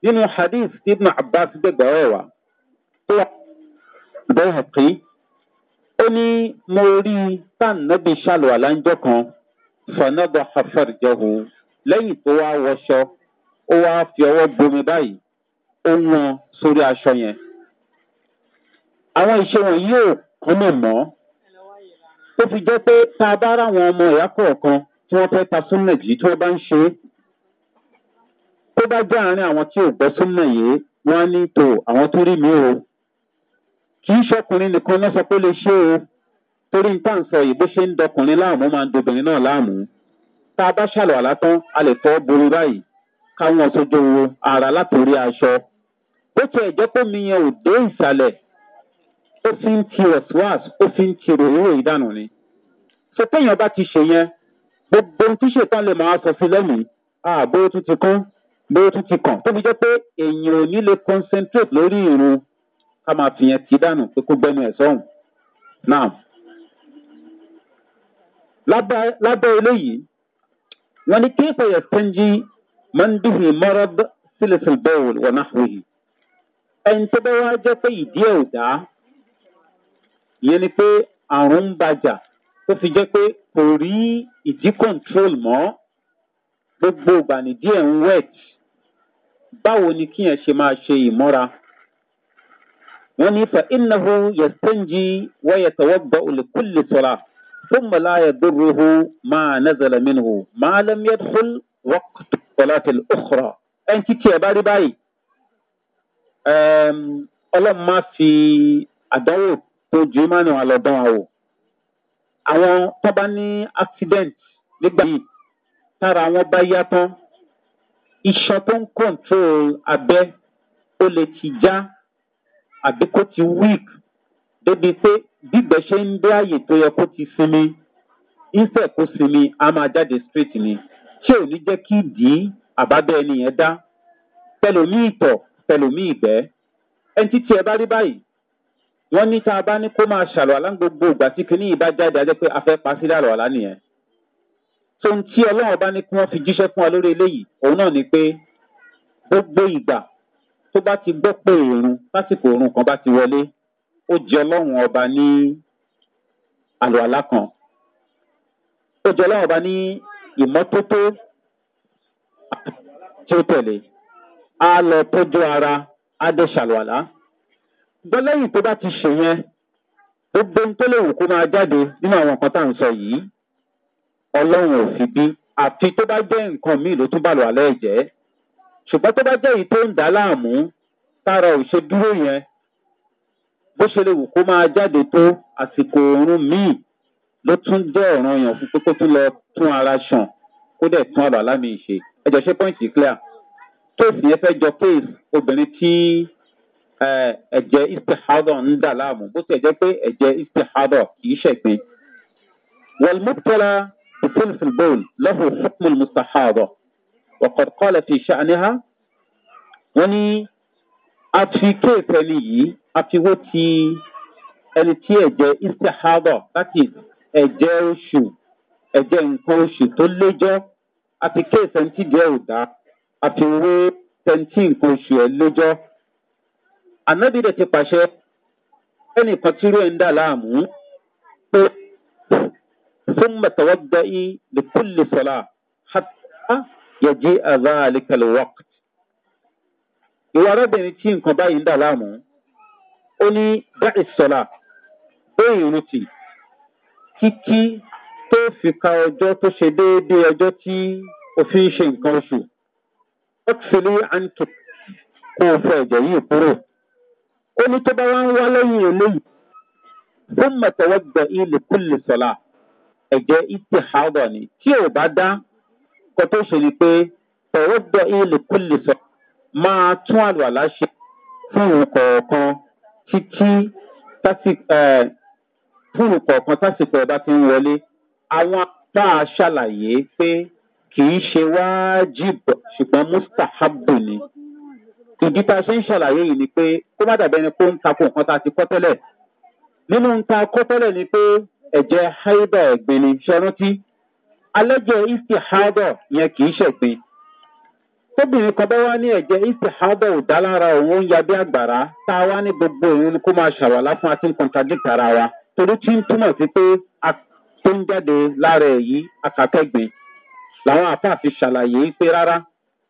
nínú hadith tí ibn abbas gbẹ̀gbẹ̀ ọ̀rọ̀ wa tó wà bẹ́ẹ̀ pé ó ní mo rí tán nàbí sálọ àlánjọ kan fanabọ afẹrẹjẹhu lẹyìn tó wá wọṣọ ó wá fi ọwọ bomi báyìí ó wọn sórí aṣọ yẹn àwọn ìṣe wọn yóò kún mọ tó fi jẹ́ pé tá a bá ráwọn ọmọ ìyá kọ̀ọ̀kan tí wọ́n fẹ́ ta súnmọ̀ jì tí wọ́n bá ń ṣe é tó bá jẹ́ àárín àwọn tí ò gbọ́ súnmọ̀ yìí wọ́n á ní tò àwọn tó rí mi o kì í ṣọkùnrin nìkan náà pé lè ṣe o torí n tàn sọ yìí bó ṣe ń dọkùnrin láàmú máa ń dobìnrin náà láàmú tá a bá ṣàlọ̀ àlá a lè tọ́ buru báyìí káwọn sojú ara látòrí aṣọ bó tiẹ̀ jẹ́ pé mi yẹn ò dé ìsàlẹ̀ ó fi ń kiri ẹ̀fúwàs ó fi ń kiri owó ìdánù ni. so téèyàn bá ti ṣe yẹn gbogbo ohun tí ṣètàn lè máa sọ sí lẹ́mìí àbóyó tún ti kán bóyó tún ti kàn tó fi jẹ́ pé èèyàn ò ní lè concentrate lórí ìrun ká máa fi yẹn ti dànù pé kó gbẹ́nu ẹ̀ sọ́hùn. now lábẹ́ eléyìí wọ́n ní kéèpé yẹn tẹ́ńjì máa ń dìhì mọ́rọ́d sílẹ̀sìlẹ̀ bẹ́ẹ̀ wọ̀nà àwòyí ẹni tó bá wá jẹ́ pé ìdí ẹ̀ ò dáa ìyẹn ni pé àrùn ń bàjà tó fi jẹ́ pé kò rí ìdí control mọ́ gbogbo ìgbà nìdí ẹ̀ ń wet báwo ni kíyàn ṣe máa ṣe ìmọ́ra wọ́n ní fa innahu yastanji wa yatawabba likulli sala thumma la yadurruhu ma nazala minhu ma lam yadkhul waqt salati al ẹn títí ẹ bá rí báyìí ọlọ́run máa fi àdánwò tó jù í mánà wọn lọ bá wọn wò àwọn tó bá ní accident nígbà yìí tára wọn bá yá tán iṣan tó ń control abẹ ó lè ti já àbí kó ti weak débi pé bíbẹ ṣe ń dé àyè tó yẹ kó ti sinmi ìfẹ́ kó sinmi a máa jáde straight ni ṣé ò ní jẹ́ kí dì àbábẹ ẹni yẹn dá pẹlòmíì tọ̀ pẹlòmíì bẹ́ẹ̀ ẹni títí ẹ bá rí báyìí wọ́n ní tá a bá ní kó máa ṣàlùwàlá gbogbo ìgbà tí kinní yìí bá jáde ajẹ́ pé a fẹ́ pa sílẹ̀ àlùwàlá nìyẹn. tó ń tí ọlọ́run bá ní kí wọ́n fi jíṣẹ́ fún wa lórí eléyìí òun náà ni pé gbogbo ìgbà tó bá ti gbọ́ pé òòrùn lásìkò òòrùn kan bá ti wọlé ó jẹ ọlọ́run ọba ní àlùwàlá kan ó jẹ ọlọ́run ọba ní ìmọ́tótó tí ó tẹ̀lé a lọ tọ́jú ara á dẹ̀ ṣàlùwàlá gbọ́ lẹ́yìn tó bá ti ṣe yẹn gbogbo ohun tó lè wù kó máa jáde nínú àwọn nǹkan tá à ń sọ yìí ọlọ́run ò fi bí àfi tó bá jẹ́ nǹkan míì ló tún bà lọ àlẹ́ ẹ̀jẹ̀ ṣùgbọ́n tó bá jẹ́ èyí tó ń dà á láàmú tára ò ṣe dúró yẹn bó ṣe lè wù kó máa jáde tó àsìkò oorun míì ló tún jẹ́ ọ̀ràn yàn fún pé kó tún lọ tún ara ṣàn kó dẹ̀ tún àlọ́ àlámì ṣe ẹ̀jọ̀ ṣe pọ́ǹtì clear kéèsì yẹn fẹ́ jọ kéèsì obìnrin tí ẹ̀jẹ̀ istihadọ̀ ń dà láàmú bó ti ẹ̀jẹ̀ pé ẹ̀jẹ̀ istihadọ̀ kì í ṣẹ̀gbin. wọ́n mọ́tàlá bisulfil bowl lọ́hùn fúnmùl mustahadọ̀ ọ̀kọ̀kọ́lẹ̀ fi ṣàníhá. wọ́n ní a fi kéèfẹ́ ni yìí a fi wó ti ẹni tí ẹ̀jẹ̀ istihadọ̀ láti ẹ̀jẹ̀ oṣù ẹ̀jẹ̀ nǹkan oṣù tó léjọ́ a fi kéèfẹ́ ní tí ẹ̀ ò dá a fi wé tẹ̀ntì nǹkan oṣù ẹ̀ léjọ́ ànábì dẹ̀ ti pàṣẹ ẹnìkan tí rẹ̀ ń dà láàmú pé fún mẹtọwọ́dọ̀ yìí lè kúlè sọ̀la hàtà yẹjẹ́ àbá àlékalẹ̀ wọ́k. ìwà arábìnrin tí nǹkan báyìí ń dà láàmú ó ní dá ìsọ̀la bẹ́ẹ̀ irun tì kíkí tó fi ka ọjọ́ tó ṣe déédéé ọjọ́ tí òfin ṣe nǹkan oṣù. wọ́n ti fi ní àǹtò kó o fọ ẹ̀jẹ̀ yìí kúrò ó ní tó bá wá ń wá lẹ́yìn eléyìí fún mọ̀tẹ́wọ́gbọ̀ ilẹ̀ kúlẹ̀ sọ̀la ẹ̀jẹ̀ ìtì hàdà ni tí ò bá dá kó tó ṣe ni pé tẹ̀wọ́gbọ̀ ilẹ̀ kúlẹ̀ sọ̀la máa tún àlùwàlá ṣe fún ìkọ̀ọ̀kan títí fún ìkọ̀ọ̀kan tásìkò ọba ti ń wọlé àwọn tá a ṣàlàyé pé kì í ṣe wájib ṣùgbọ́n mustahabu ni ìdí tá a ṣe ń ṣàlàyé yìí ni pé kó má dàbí ẹni pé ó ń takò nǹkan tá a ti kọ́ tẹ́lẹ̀ nínú ń kọ́ tẹ́lẹ̀ ni pé ẹ̀jẹ̀ haida ẹ̀gbin ni ṣẹrántí alẹ́jẹ̀ istihada yẹn kì í ṣẹ̀gbin tóbìnrin kan bá wá ní ẹ̀jẹ̀ istihada ò dá lára òun ó ń ya bí àgbàrá tá a wá ní gbogbo òun ni kó máa ṣàwàlá fún àti kọ̀ǹtàdìtà ara wa torí tí ń túmọ̀ sí pé a tó ń jáde lára ẹ̀ yìí akàkẹ́gbin làwọn àfáà fi ṣàlàyé pé rárá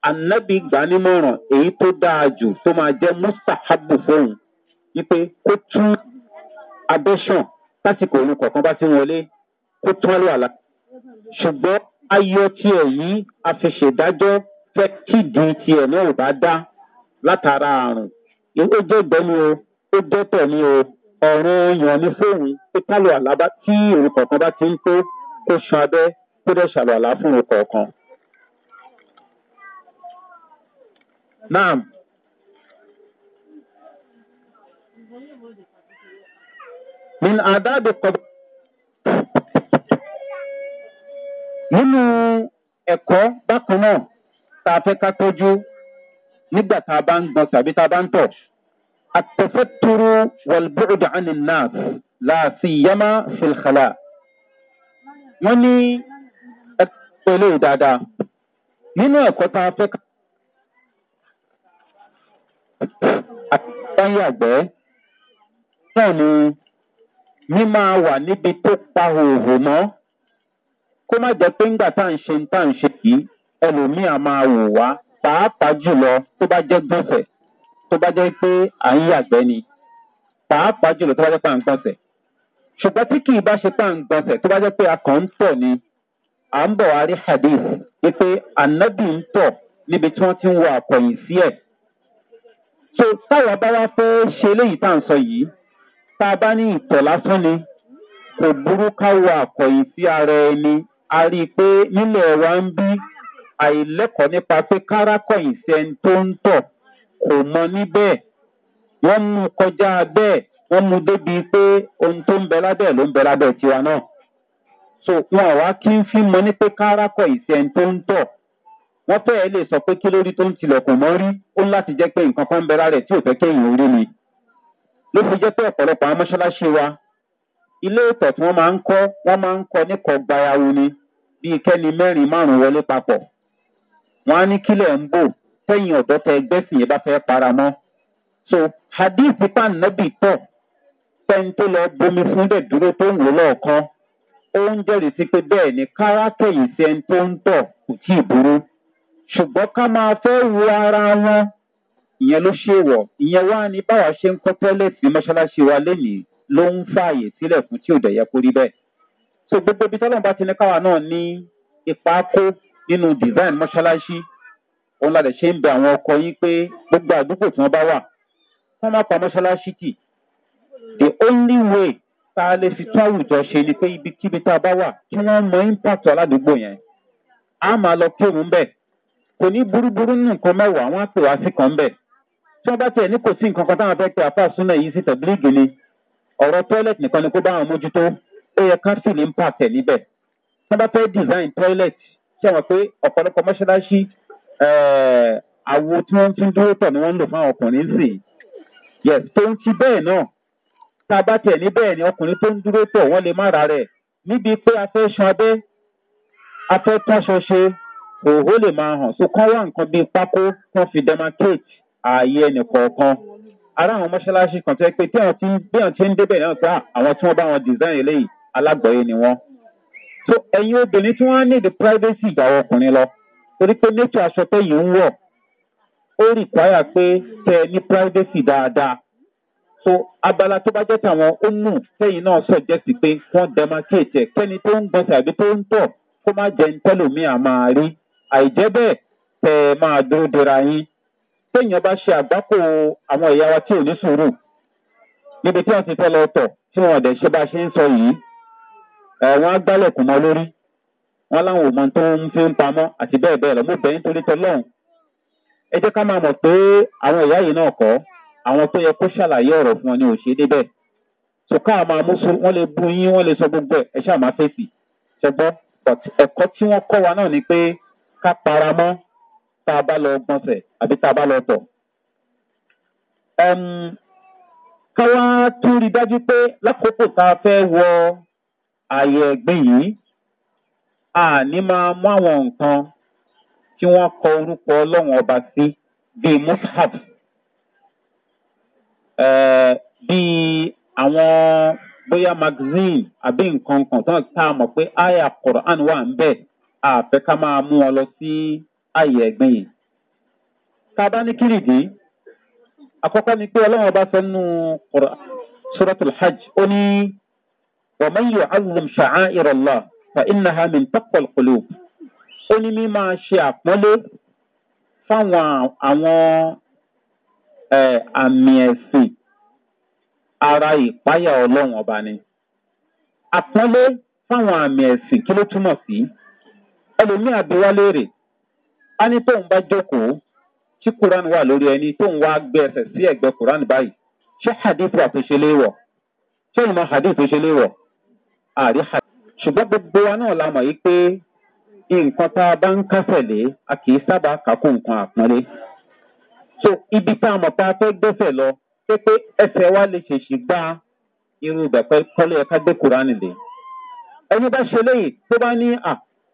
anabi gbanimọ̀ràn èyí tó dáa jù tó máa jẹ́ mustahabu fóun wípé kó tú abẹ́sàn lásìkò òun kọ̀ọ̀kan bá ti wọlé kó tún á lò àlá. ṣùgbọ́n ayọ tiẹ̀ yìí àfiṣèdájọ́ fẹ́ kídi tiẹ̀ náà ò bá dá látara àrùn ó jẹ́ ìgbẹ́ni o ó dẹ́tọ̀ ni o ọ̀run yàn ní fóun pé ká àlá tí òun kọ̀ọ̀kan bá ti ń tó kó sun abẹ́ kó dẹ̀ ṣàlọ́ àlá fún òun kọ̀ọ̀kan. Naam. من àdáàbò kọ̀bọ̀. Nínú ẹ̀kọ́ bákan náà tá a fẹ́ ká tọ́jú nígbà tá a bá ń gbọ́n tàbí tá a bá ń tọ̀. التستر والبعد عن الناس لا سيما في الخلاء wọ́n ní ẹgbẹ́ ilé dáadáa nínú ẹ̀kọ́ tá a fẹ́ ká àtàwọn àgbẹ̀ náà ni mímọ́ wà níbi tó pa òhò mọ́ kó má jẹ́ pé ńgbà tá à ń ṣe tá à ń ṣe yìí ẹlòmíà máa wò wá pàápàá jùlọ tó bá jẹ́ gbọ̀nsẹ̀ tó bá jẹ́ pé à ń yàgbẹ́ ni pàápàá jùlọ tó bá jẹ́ pé à ń gbọ̀nsẹ̀ ṣùgbọ́n tí kì í bá ṣe pé à ń gbọ̀nsẹ̀ tó bá jẹ́ pé a ń tọ̀ ni à ń bọ̀ wá rí hadith wípé ànábì ń tọ̀ níbi tí wọ́n ti ń wọ àkọ̀yìn sí ẹ̀ so táwa bá wá fẹ́ ṣe eléyìí tá à ń sọ yìí tá a bá ní ìtọ̀ lásán ni kò burú ká wo àkọ̀yìn sí ara ẹni a rí i pé nílẹ̀ wa ń bí àìlẹ́kọ̀ọ́ nípa pé kárákọ̀yìn sí ẹni tó ń tọ̀ kò mọ níbẹ̀ wọ́n mú kọjá bẹ́ẹ̀ wọ́n mú débi pé ohun tó ń bẹ lábẹ́ ló ń bẹ lábẹ́ tiwa náà so wọn àwa kí n fi mọ ní pé kárákọ̀yìn sí ẹni tó ń tọ̀ wọn fẹ́ẹ́ lè sọ pé kí lórí tó ń tilọ̀kùn mọ́ rí ó ń láti jẹ́ pé nǹkan kan ń rẹ̀ tí ò fẹ́ kéèyàn orí ni. ló fi jẹ́ pé ọ̀pọ̀lọpọ̀ àwọn mọ́ṣáláṣí wa ilé ìtọ̀ wọ́n máa ń kọ́ wọ́n máa ń kọ́ níkọ̀ ni bíi kẹ́ni mẹ́rin márùn wọlé papọ̀. wọ́n á ní kílẹ̀ ń bò tẹ́yìn ẹgbẹ́ sì yẹn bá fẹ́ para so hadith pan tọ̀ ṣùgbọ́n ká máa fẹ́ wo ara wọn ìyẹn ló ṣe wọ̀ ìyẹn wá ní báwa ṣe ń kọ́ tọ́lẹ̀tì mọ́ṣáláṣí wa lénìí ló ń fààyè sílẹ̀ fún tí ò dẹ̀ yẹ kó rí bẹ́ẹ̀. so gbogbo ibi tọ́lọ́mù bá ti ní káwa náà ní ipa kó nínú design mọ́ṣáláṣí òun la lè ṣe ń bẹ àwọn ọkọ yín pé gbogbo àdúgbò tí wọ́n bá wà wọ́n má pa mọ́ṣáláṣí tì the only way tá a lè fi tún àwùjọ ṣe ni pé ibikíbi tá a bá wà kí wọ́n mọ impact aládùúgbò yẹn á máa lọ kírun bẹ́ẹ̀ kò ní burúburú nù nǹkan mẹ́wàá wọ́n á pè wá sí kan bẹ́ẹ̀ tí wọ́n bá tiẹ̀ ní kò sí nǹkan kan táwọn fẹ́ pé apá súnà yìí sí tẹ̀bílíìgì ni ọ̀rọ̀ tọ́ílẹ̀tì nìkan ni kó bá àwọn mójútó ó yẹ ká sì ní ń pàtẹ níbẹ̀ tí wọ́n bá fẹ́ design toilet. ṣé wọn pé ọ̀pọ̀lọpọ̀ mọ́ṣáláṣí eh, àwo tí wọ́n tún dúró tọ̀ ni wọ́n ń lò fún ọkùnrin sì yes tó ń ti bẹ́ẹ̀ náà tá a bá tiẹ̀ ní bẹ́ẹ̀ ni ọkùnrin tó ń dúró tọ̀ wọ́n lè má ra rẹ̀ níbi pé a fẹ́ abẹ́ a tọ́ṣọ ṣe òhó lè máa hàn so kán wá nǹkan bíi pákó kán fi demarcate ààyè ẹnìkọ̀ọ̀kan ara àwọn mọ́ṣáláṣí kan tó yẹ pé bí àwọn ti ń débẹ̀ náà sá ah, àwọn tí wọ́n bá wọn design eléyìí alágbọ̀ọ́yé ni wọ́n. so ẹ̀yin obìnrin tí wọ́n á ní the privacy ìgbà ọkùnrin lọ torí pé nature aṣọ pé yìí ń wọ̀ ó require pé tẹ ẹ ní privacy dáadáa so abala tó bá jẹ́ tàwọn ó nù sẹ́yìn náà sọ jẹ́ sí pé wọ́n demarcate ẹ̀ kẹ́ni tó ń gbọ́sẹ̀ àbí tó ń tọ̀ kó má jẹ́ ń tẹ́lòmíà máa rí àìjẹ́ bẹ́ẹ̀ tẹ ẹ máa dúró dira yín téèyàn bá ṣe àgbákò àwọn ìyá wa tí ò ní sùúrù níbi tí wọ́n ti fẹ́ lọ tọ̀ tí wọ́n dẹ̀ ṣe bá ṣe ń sọ yìí ẹ̀wọ̀n á gbálẹ̀kùn mọ́ lórí wọn láwọn ò mọ tó ń fi ń pamọ́ àti bẹ́ẹ̀ bẹ́ẹ̀ lọ mo bẹ̀ nítorí tọlọ́hún ẹ jẹ́ ká máa mọ̀ pé àwọn ìyá yìí náà kọ́ àwọn tó yẹ kó ṣàlàyé ọ̀rọ̀ fún ọ ní òṣè débẹ̀ sùkọ́ àwọn amúṣu wọ́n lè bú yín wọ́n lè sọ gbogbo ẹ̀ ẹ ṣáà máa fèsì ṣẹgbọ́ ẹ̀kọ́ tí wọ́n kọ́ wa náà ni pé ká para mọ́ tá a bá lọ gbọ̀nsẹ̀ àbí tá a bá lọ tọ̀. ká wá tún rí dájú pé lákòókò tá a fẹ́ wọ àyè ẹ̀gbìn yìí a ní máa mú àwọn nǹkan tí wọ́n kọ orúkọ ọlọ́run ọba sí bíi mushaf bíi àwọn bóyá magazine àbí nǹkan kan tá a mọ̀ pé aya quran wà ń bẹ́ẹ̀. a fẹ́ ká máa mú lọ sí àyè ẹ̀gbìn yìí. bá ní kí nìdí, àkọ́kọ́ ni pé ọlọ́run ọba sọ nínú Suratul Hajj ó ní wàmẹ́yìn azum ṣàá ìrọ̀lá fa iná hamin tọ́pọ̀ kòló. Ó ní mi máa ṣe àpọ́nlé fáwọn àwọn àmì ẹ̀sìn ara ìpáyà ọlọ́run ọba ni. Àpọ́nlé fáwọn àmì ẹ̀sìn kí ẹlòmíà bí wá léèrè á ní tóun bá jókòó tí quran wà lórí ẹni tóun wá gbé ẹsẹ̀ sí ẹ̀gbẹ́ quran báyìí ṣé hadith wà tó ṣe léèwọ̀ ṣé ìmọ̀ hadith tó ṣe léèwọ̀ àrí hadith. ṣùgbọ́n gbogbo wa náà la mọ̀ yìí pé nǹkan tá a bá ń kásẹ̀ lé a kì í sábà kákó nǹkan àpọ́nlé. so ibi tá a mọ̀ pé a fẹ́ gbẹ́sẹ̀ lọ pé pé ẹsẹ̀ wa lè ṣèṣì gbá irú bẹ̀pẹ́ kọ́lé ẹ̀ká gbé quran lé. ẹni bá ṣe léyìí tó bá ní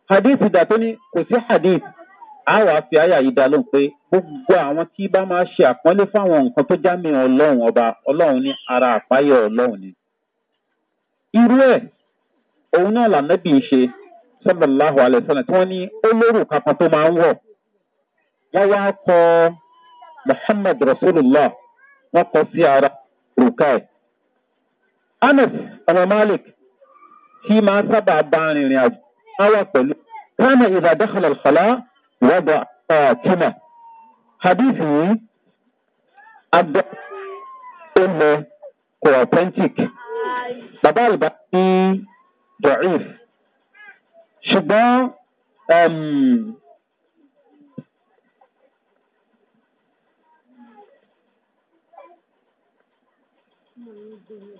hadith dà tó ní kò sí hadith a wàá fi àyà yìí dá lóhùn pé gbogbo àwọn tí bá máa ṣe àpọ́nlé fáwọn nǹkan tó já mi ọlọ́run ọba ọlọ́run ní ara àpáyọ̀ ọlọ́run ni. irú ẹ̀ òun náà lànàbì ń ṣe sọ́dọ̀láhù alẹ́sọ́nà tí wọ́n ní olórù kankan tó máa ń wọ̀. wọ́n wá kọ muhammed rasulillah wọ́n kọ sí ara òrùka ẹ̀. anas ọmọ malik tí máa sábà bá rìnrìn àjò طواطن آية كان إذا دخل الخلاء وضع فاتمة حديثي أبدأ أم كوتنتيك بابا بقي ضعيف شباب أم Thank you.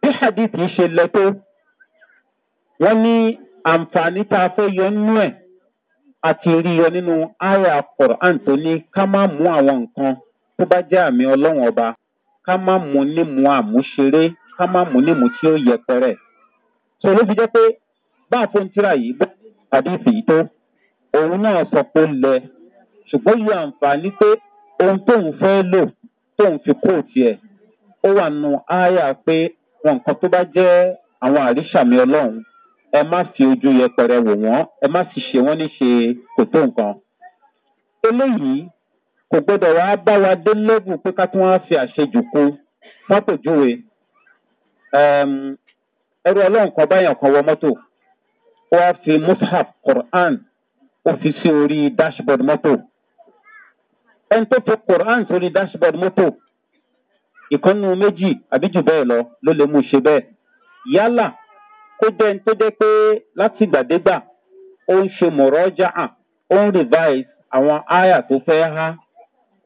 bí hadithi ṣe lọ tó wọn ní àǹfààní tá a fẹ́ yọ nínú ẹ̀ àti rí yọ nínú aya quran tó ní ká má mú àwọn nǹkan tó bá jẹ́ àmì ọlọ́run ọba ká má mú nímú àmúṣeré ká má mú nímú tí ó yẹpẹrẹ. sọ ló fi jẹ́ pé bá a fóun tíra yìí bá hadithi yìí tó òun náà sọ pé lẹ ṣùgbọ́n yóò àǹfààní pé ohun tóun fẹ́ lò tóun fi kó tiẹ̀ ó wà nù áyà pé wọn nǹkan tó bá jẹ́ àwọn àríṣàmì ọlọ́run ẹ má fi ojú yẹpẹrẹ wò wọ́n ẹ má sì ṣe wọ́n níṣe kò tó nǹkan. eléyìí kò gbọdọ̀ wá bá wa dé lẹ́bù pé ká tún wá fi àṣejù kú wọ́n júwe. ẹrú ọlọ́run kan báyàn kan wọ mọ́tò ó wá fi mushaf quran ó fi sí orí dashboard mọ́tò ẹni tó to quran sórí dashboard mọ́tò ìkànnù méjì àbí jù bẹ́ẹ̀ lọ ló lè mú un ṣe bẹ́ẹ̀ yálà kó jẹ́ ẹni tó jẹ́ pé láti gbàdégbà ó ń ṣe mọ̀rọ́jà hàn ó ń revise àwọn àyà tó fẹ́ há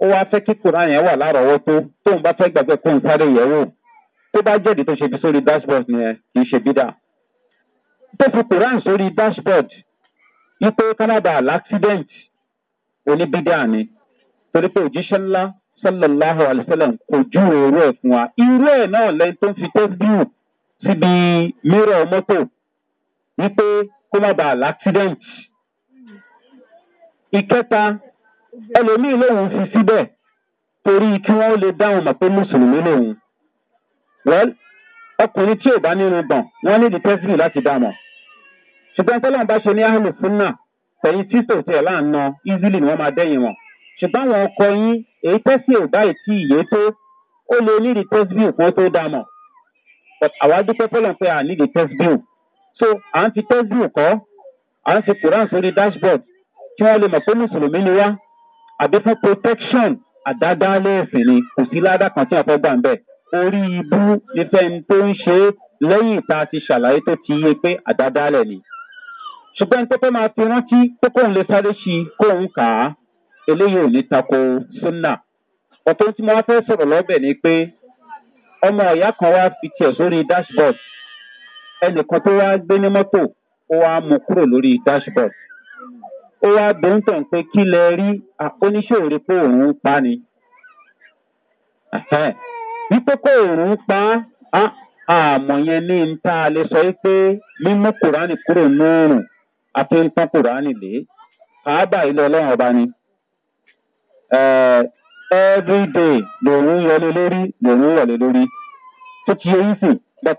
ó wá fẹ́ kí quran yẹn wà lárọ̀ọ́wọ́tó tóun bá fẹ́ gbàgbé kóun sáré yẹ̀ wò tó bá jẹ́ẹ̀dì tó ṣe bí sórí dashboard nìyẹn kì í ṣe bídà tó fi quran sórí dashboard yí pé canada l'accident oníbídà ni torí pé òjíṣẹ́ ńlá sallallahu alayhi wa sallam kò ju èrò ẹ̀ fún wa irú ẹ̀ náà lẹ́yìn tó ń fi tó bíù síbi mírọ̀ mọ́tò wípé kó má bàa láksidẹ̀ǹtì. ìkẹta ẹlòmíì lòun fi síbẹ̀ torí kí wọ́n lè dáhùn mọ̀ pé mùsùlùmí lòun. wẹ́l ọkùnrin tí ò bá nínú gbọ̀n wọ́n ní dìtẹ́sìlì láti dá mọ̀. ṣùgbọ́n tọ́lá ń bá ṣe ní áhùn fún náà tẹ̀yìn títò tẹ̀ láàánú easily ni wọ́n máa dẹ́yìn wọn ṣùgbọ́n àwọn ọkọ yín èyí tẹ́sí ò báyìí tí ìyé tó ó lè nídìí tẹ́sbíù fún tó dá mọ̀ but àwa dúpẹ́ fọlọ́n pé à nídìí tẹ́sbíù so à ń fi tẹ́sbíù kọ́ à ń fi quran sórí dashboard kí wọ́n lè mọ̀ pé mùsùlùmí ni wá àbí fún protection àdádálẹ̀ ẹ̀sìn ni kò sí ládà kan tí wọ́n fẹ́ gbà ń bẹ̀ orí ibú ni fẹ́ni tó ń ṣe é lẹ́yìn tá a ti ṣàlàyé tó ti yé pé àdádálẹ̀ ni ṣùgbọ́n tó fẹ́ máa fi rántí pé kóun lè sáré sí i kóun kà á eléyìí ò ní tako súnà ọ̀tọ̀ tí mo fẹ́ sọ̀rọ̀ lọ́bẹ̀ ni pé ọmọ ọ̀yá kan wá fi tiẹ̀ sórí dashboard ẹnìkan tó wá gbé ní mọ́tò ó wá mú kúrò lórí dashboard ó wá bẹ́ńtọ̀ pé kí lẹ rí oníṣòwò pé òun ń pa ni wípé kó òun ń pa àmọ̀ yẹn ní n tá lè sọ pé mímú kùránì kúrò nínú òrùn àti ń tán kùránì lé kàá báyìí lọ ọlọ́run ọba ni. Eh, everyday lòun ń yọlé lórí lòun ń wọ̀lé lórí tó ti yẹ yín sìn but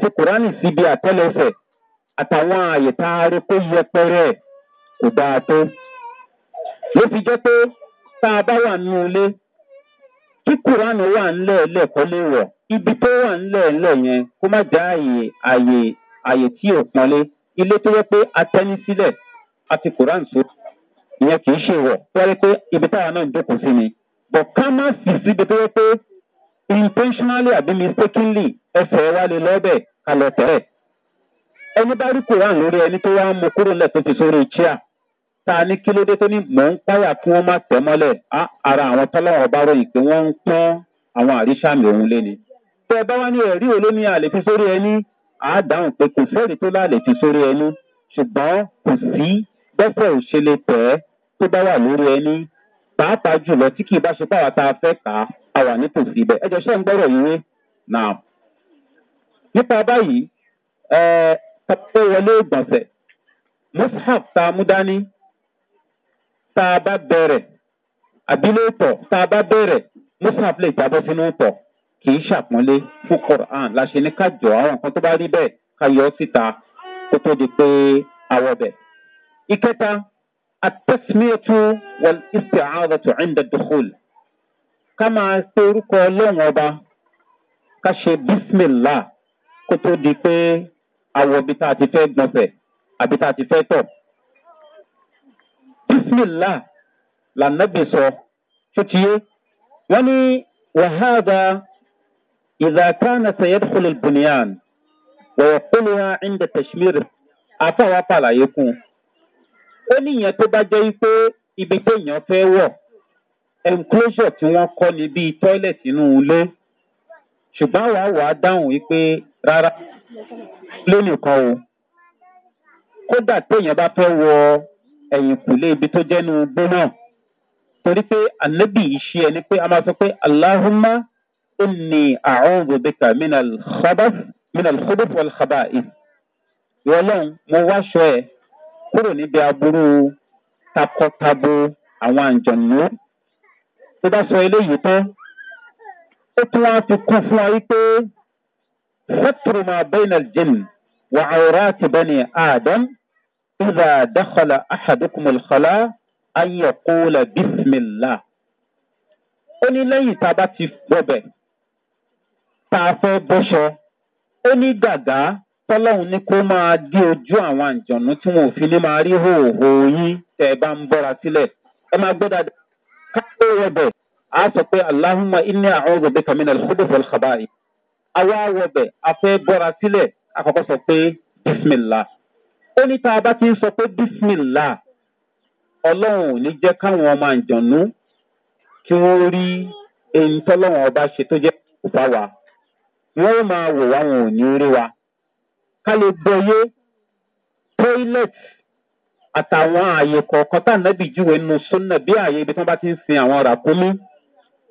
pé kùránì síbi àtẹ́lẹsẹ̀ àtàwọn àyè tá a rí pé yẹpẹrẹ kò dáa tó ló fi jẹ́ pé tá a bá wà nínú ilé tí kùránì wà ńlẹ̀ lẹ́ẹ̀kọ́ yẹn kó má àyè àyè tí ò pọ́nlé ilé tó yẹ pé atẹ́ni sílẹ̀ àti ìyẹn kì í ṣe wọ̀ wáyé pé ibi táwọn náà ń jókòó sí ni but ká má sì síbi tó yẹ pé intentionally àbí mistakenly ẹsẹ̀ wa lè lọ́bẹ̀ ká lọ tẹ̀ ẹ́ ẹni bá rí koran lórí ẹni tó wá ń mu kúrò lẹ̀ tó ti sórí chia tá a kí ló dé tó ní mò ń páyà kí wọ́n má tẹ̀ mọ́lẹ̀ ara àwọn tọ́lọ́wọ́ bá ròyìn pé wọ́n ń pọ́n àwọn àríṣàmì òun lé ni tẹ ẹ bá wá ní ẹ̀rí olómi àlè fi sórí ẹni àá dáhùn pé kò sẹ́ẹ̀rí tó láàlè fi sórí ẹni ṣùgbọ́n kò sí bẹ́sẹ̀ ò tẹ̀ ẹ́ tó bá wà lórí ẹni pàápàá jùlọ tí kì í bá ṣe pàwọ́ tá a fẹ́ kà á a wà nítòsí ibẹ̀ ẹ jọ ṣe ń gbọ́rọ̀ yín wé nà. nípa báyìí ẹ wọlé ìgbọ̀nsẹ̀ mushaf tá a mú dání tá a bá bẹ̀rẹ̀ àbílẹ̀ ìtọ̀ tá a bá bẹ̀rẹ̀ mushaf lè jábọ́ sínú ìtọ̀ kì í ṣàpọ́nlé fún quran la ṣe ní ká jọ àwọn nǹkan tó bá rí bẹ́ẹ̀ ká yọ ọ́ síta kó tó di pé awọ bẹ̀. ìkẹta التسمية والاستعاذة عند الدخول كما سيرك لون وبا كشي بسم الله كتو دي بي أو بتاتي في بنفسه أبتاتي في توب بسم الله لنبي سو شتي وني وهذا إذا كان سيدخل البنيان ويقولها عند تشمير أفا وطلع يكون ó níyẹn tó bá jẹ́ wípé ibi téèyàn fẹ́ wọ̀ enclosure tí wọ́n kọ́ ni bíi toilet inú ilé ṣùgbọ́n àwa wà á dáhùn wípé rárá lónìkan o kódà téèyàn bá fẹ́ wọ ẹ̀yìn kùlé ibi tó jẹ́ nu igbó náà torí pé ànábì ìṣe ẹni pé a máa sọ pé aláhùnmá ó ní àrùn ròbíkà mínà lóbùfọ̀ lọ́kàbà yìí ìwọ́lọ́run mo wáṣọ ẹ̀ kúrò níbi aburú takọtabo àwọn àǹjọ̀nú. tó bá sọ eléyìí tán ó tún wá fi kún fún wa wípé fẹ́tùrù máa bẹ́ẹ̀ náà jẹ́nu wà àwòrán àti bẹ́ẹ̀ni àádọ́n ìdá dákọ̀lá àhàdùkùmọ̀lùkọ̀lá ayẹ̀kọ́lá bísímìlá. ó ní lẹ́yìn tá a bá ti wọbẹ̀ tá a fẹ́ bọ́ṣọ ó ní gàgá tọ́lọ́hún ní kó máa dé ojú àwọn àǹjọ̀nú tí wọn ò fi ní máa rí hòhò yín tẹ̀ ẹ bá ń bọ́ra sílẹ̀ ẹ máa gbé dáadáa káwé wọbẹ̀ á sọ pé aláhùnmá iná àwọn òbí kàmínà lọ́dọ̀ kaba yìí àwa wọbẹ̀ a fẹ́ bọ́ra sílẹ̀ àkọ́kọ́ sọ pé bísímìlá ó ní tá a bá ti ń sọ pé bísímìlá ọlọ́run ò ní jẹ́ káwọn ọmọ àǹjọ̀nú kí wọ́n rí èyí tọ́lọ́run ọba ṣe tó jẹ́ òfà wa wọ́n máa wò wá wọn ò ní rí wa ká lè gbọ́yé toilet àtàwọn ààyè kọ̀ọ̀kan tá ànábì júwe nu súnà bí ààyè ibi tí wọ́n bá ti ń sin àwọn ràkúnmí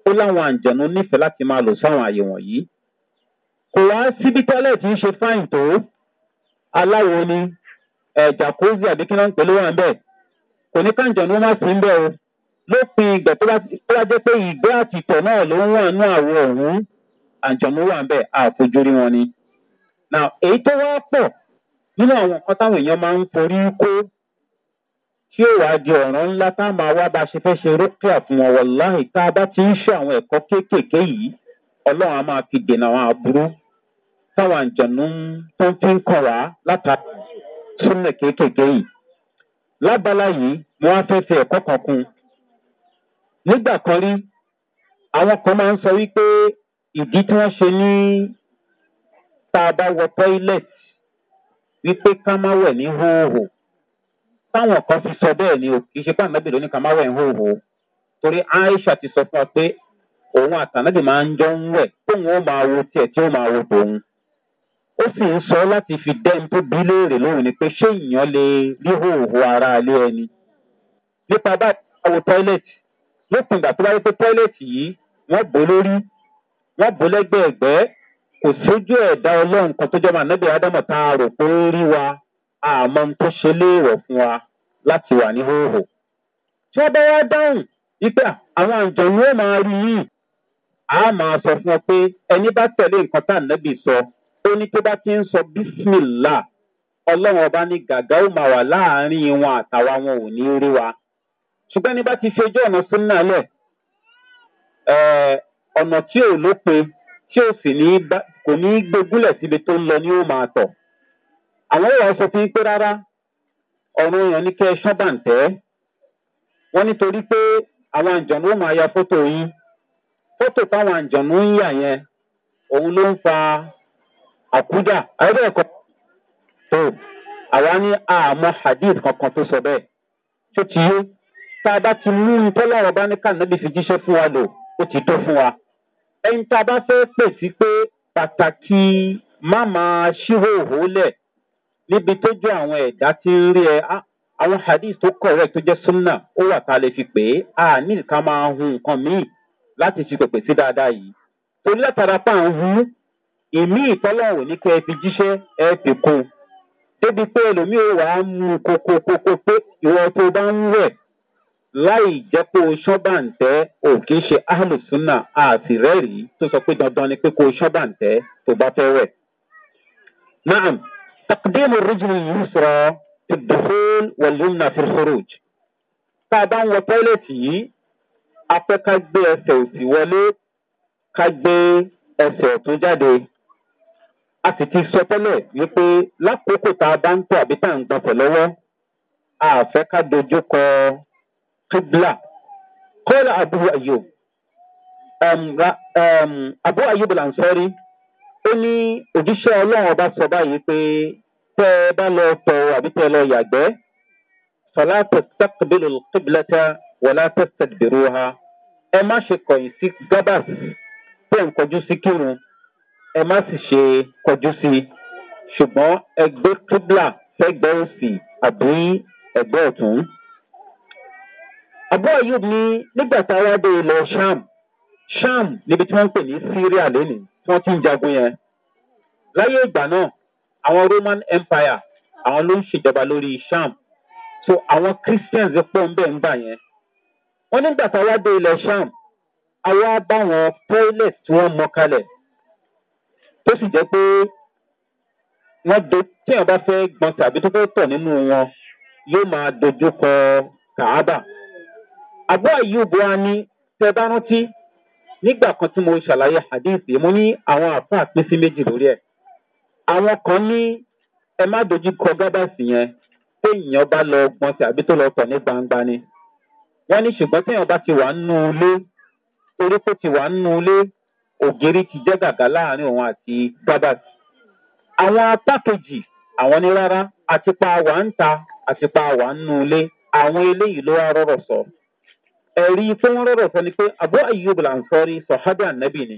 ó láwọn àǹjẹ̀nu nífẹ̀ẹ́ láti máa lò sáwọn ààyè wọ̀nyí. kò wá síbi toilet ń ṣe fáìn tó aláwo ni ẹ̀jà kóòzì àbí kí wọ́n ń pè lówó bẹ́ẹ̀ kò ní káǹjẹ̀nu má sí ń bẹ́ẹ̀ o lópin ìgbà tó bá jẹ́ pé ìgbé àtìtọ̀ náà ló ń wà nú àwo ọ̀hún àǹjẹ̀nu wà bẹ́ẹ̀ àfojúrí wọn ni. na èyí tó wá pọ̀ nínú àwọn nǹkan táwọn èèyàn máa ń forí kó tí ó wàá di ọ̀ràn ńlá tá a máa wá bá a ṣe fẹ́ ṣe rókíà fún wọn wọ̀láhì tá a bá ti ń ṣe àwọn ẹ̀kọ́ kéékèèké yìí ọlọ́run á máa fi dènà àwọn àbúrú táwọn àǹjọ̀nú tó ń fi ń kàn wá látara súnmọ̀ kéékèèké yìí. lábala yìí ni wọ́n á fẹ́ fi ẹ̀kọ́ kan kún nígbà kan rí àwọn kan máa ń sọ wípé ìdí tí wọ́n ṣe ní tá a bá wọ toilet wípé ká má wẹ̀ ní hóhò táwọn kan fi sọ bẹ́ẹ̀ ni o kì í ṣe fáwọn mẹ́bìrì lónìí ká má wẹ̀ ní hóhò torí aisha ti sọ fún wa pé òun àtànábì máa ń jọ ń wẹ̀ tóun ó máa wo tiẹ̀ tí ó máa wo tòun ó sì ń sọ láti fi dẹ́n tó bí léèrè lóhùn ni pé ṣé èèyàn lè rí hóhò ara ilé ẹni nípa bá a wo toilet lópin ìgbà tó bá yẹ pé toilet yìí wọ́n bò lórí wọ́n bò lẹ́gbẹ̀ẹ́gbẹ́ kò sójú ẹ̀dá ọlọ́run kan tó jẹ́ màá nẹ́bí ádámọ̀ tá a rò pé ó rí wa àmọ́ tó ṣe léèwọ̀ fún wa láti wà ní hóhò. tí wọ́n bá wá dáhùn wípé àwọn àjọyún ó máa rí yìí a máa sọ fún ọ pé ẹni bá tẹ̀lé nǹkan tá nẹ́bí sọ ó ní tó bá ti ń sọ bísímìlà ọlọ́run ọba ní gàgá ó máa wà láàárín wọn àtàwa wọn ò ní rí wa. ṣùgbọ́n ẹni bá ti ṣe ojú ọ̀nà sínú náà lẹ̀ ọ̀nà tí ò lópin tí ò sì ní bá kò ní gbégúnlẹ̀ síbi tó ń lọ ni ó máa tọ̀. àwọn ìwà sọ fún yín pé rárá ọ̀run èèyàn ní kẹ́ ẹ ṣán bàǹtẹ́. wọ́n nítorí pé àwọn àǹjọ̀nú ó máa ya fótó yín fótó táwọn àǹjọ̀nú ń yà yẹn òun ló ń fa àkúdà àwa ní àmọ́ kankan tó sọ bẹ́ẹ̀ tó ti bá ti mú un ẹni tá a bá fẹ́ pè sí pé pàtàkì má máa ṣíhòòhò lẹ̀ níbi tójú àwọn ẹ̀dá ti ń rí ẹ àwọn hadith tó correct tó jẹ́ sunna ó wà tá a lè fi pè é a ní nǹkan máa hun nǹkan míì láti fi pèpè sí dáadáa yìí torí látara tá à ń hun ìmí ìtọ́lọ́wò ní kẹ́ ẹ fi jíṣẹ́ ẹ fi kún débi pé ẹlòmíì ò wá mú kókókókó pé ìwọ tó bá ń wẹ̀ láì jẹ́ pé o ṣọ́bàǹtẹ́ ò kì í ṣe ahlùsúnà àti rẹ́rìí tó sọ pé dandan ni pé kó o ṣọ́bàǹtẹ́ tó bá fẹ́ wẹ̀. Naam, takdim rijli yusra ti dukhul wal yumna fi khuruj. Tá a bá ń wọ tọ́ílẹ̀tì yìí, a fẹ́ ká gbé ẹsẹ̀ òsì wọlé, ká gbé ẹsẹ̀ ọ̀tún jáde. A sì ti sọ tẹ́lẹ̀ wípé lákòókò tá a bá ń tọ́ àbí tá à ń gbọ̀nsẹ̀ lọ́wọ́, a fẹ́ ká dojú kọ قبلة قال أبو أيوب um, um, Abu Ayyub Lansari ó ní òjíṣẹ́ ọlọ́run ọba sọ báyìí pé tẹ́ ẹ bá lọ tọ̀ àbí tẹ́ ẹ lọ yàgbẹ́ fàlàtà tàkìbìlù kìbìlẹ́tà wọ̀lá tẹ̀sítẹ̀dìbìrú ha ẹ má ṣe kọ̀yìn sí gábàs tẹ̀ ń kọjú sí kírun ẹ má sì ṣe kọjú sí ṣùgbọ́n ẹgbẹ́ kíbla fẹ́gbẹ́ òsì àbí ẹgbẹ́ ọ̀tún. Abu Ayub ní nígbà tá a wá dé ilẹ̀ sham sham níbi tí wọ́n ń pè ní syria lónìí tí wọ́n ti ń jagun yẹn láyé ìgbà náà àwọn roman empire àwọn ló ń ṣèjọba lórí sham so àwọn christians pọ̀ ń bẹ̀ ń gbà yẹn wọ́n nígbà tá a wá dé ilẹ̀ sham àwa bá wọn toilet tí wọ́n mọ kalẹ̀ tó sì jẹ́ pé wọ́n do tí wọ́n bá fẹ́ gbọ́n tàbí tó fẹ́ tọ̀ nínú wọn yóò máa dojú kọ kàábà àgbọ̀ ayúbọ a ní tẹ bá rántí nígbà kan tí mo ṣàlàyé hadithi mo ní àwọn àfáà pín sí méjì lórí ẹ àwọn kan ní ẹ má dojú kọ gábàsì yẹn pé èèyàn bá lọ gbọn sí àbí tó lọ tọ ní gbangba ni wọn ní ṣùgbọn téèyàn bá ti wà nínú ilé torí ti wà nínú ilé ògiri ti jẹ gàgà láàrin òun àti gábàsì àwọn apá kejì àwọn ní rárá àtipa wà ń ta àtipa wà nínú ilé àwọn eléyìí ló wá rọrọ sọ. So ẹ̀rí tí wọ́n rọ̀rọ̀ sọ ni pé abu ayyub lansori sọ̀hádà nàbì ni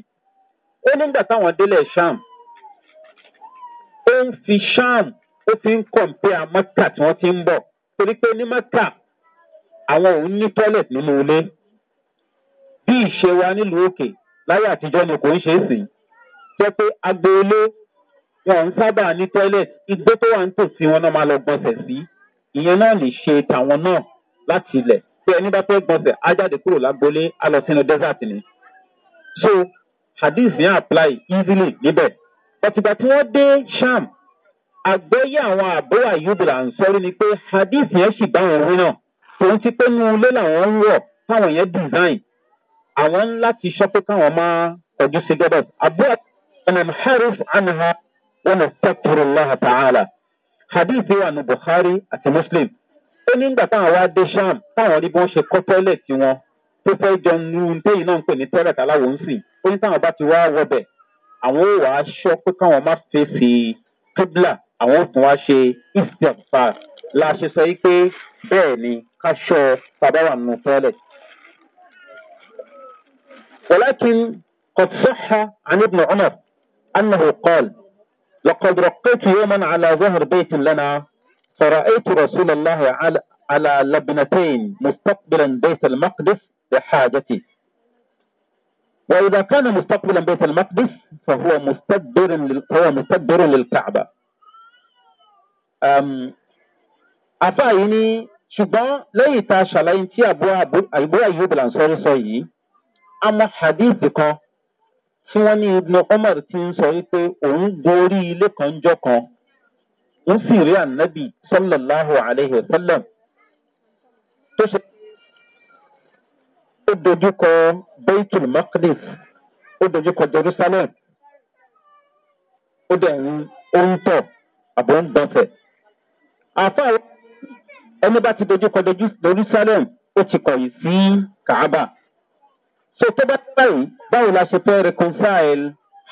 ó nígbà táwọn délẹ̀ sham ó ń fi sham ó fi ń kọ̀m̀pẹ́à mọ́tà tí wọ́n ti ń bọ̀ torí pé ní mọ́tà àwọn òun ní toilet nínú ilé bí ìṣe wa nílùú òkè láyé àtijọ́ ni kò ń ṣe é sìn jẹ́ pé agboolé wọn ń sábà ní toilet igbó tó wà nítòsí wọn náà máa lọ gbọ́nsẹ̀ sí ìyẹn náà lè ṣe tàwọn náà láti ilẹ̀ pé ẹni bá fẹ́ gbọ̀nsẹ̀ á jáde kúrò lágbolé á lọ sínú desert ni. so hadith yẹn apply easily níbẹ̀ ọ̀tìgbà tí wọ́n dé sham àgbẹ̀yẹ àwọn àbó àyùbù là ń sọ́rí ni pé hadith yẹn sì bá wọn wí náà tòun ti pé nínú ilé làwọn ń wọ̀ táwọn yẹn design àwọn ńlá ti sọ pé káwọn máa kọjú sí gẹ́gẹ́ àbú ẹnìm harif anha wọn ò tẹ́kùrù lọ́hà tààlà hadith yẹn wà ní buhari àti muslim ó ní nígbà táwọn wá dé sham táwọn rí bí wọ́n ṣe kọ́ tọ́lẹ̀tì wọn tó fẹ́ jọ nu téyìn náà ń pè ní tọ́lẹ̀tì aláwo ń sìn ó ní táwọn bá ti wá wọbẹ̀ àwọn ò wá ṣọ́ pé káwọn má fẹ́ fi kíbla àwọn ò tún wá ṣe islam la ṣe sọ yí pé bẹ́ẹ̀ ni ká padà wà nínú tọ́lẹ̀tì. ولكن قد صح عن ابن عمر أنه قال لقد رقيت يوما على ظهر بيت لنا فرأيت رسول الله على على لبنتين مستقبلا بيت المقدس لحاجتي. وإذا كان مستقبلا بيت المقدس فهو مستدبر هو مستدبر للكعبة. أم أفايني شبا ليتا شالاين تي أبو أبو أيوب الأنصاري صحيح أما حديثك فواني ابن عمر تين صحيح أون غوري لكن جوكو wọ́n sì rí ànábì sallallahu alayhi wa sallam tó ṣe ó dojúkọ baitul maqdis ó dojúkọ jerusalem ó dẹ̀ ń oúntọ̀ àbò ń gbọ̀nsẹ̀. àfa ẹni bá ti dojúkọ jerusalem ó ti kọ̀yìn sí kaaba. so tó bá báyìí báwo la ṣe fẹ́ reconcile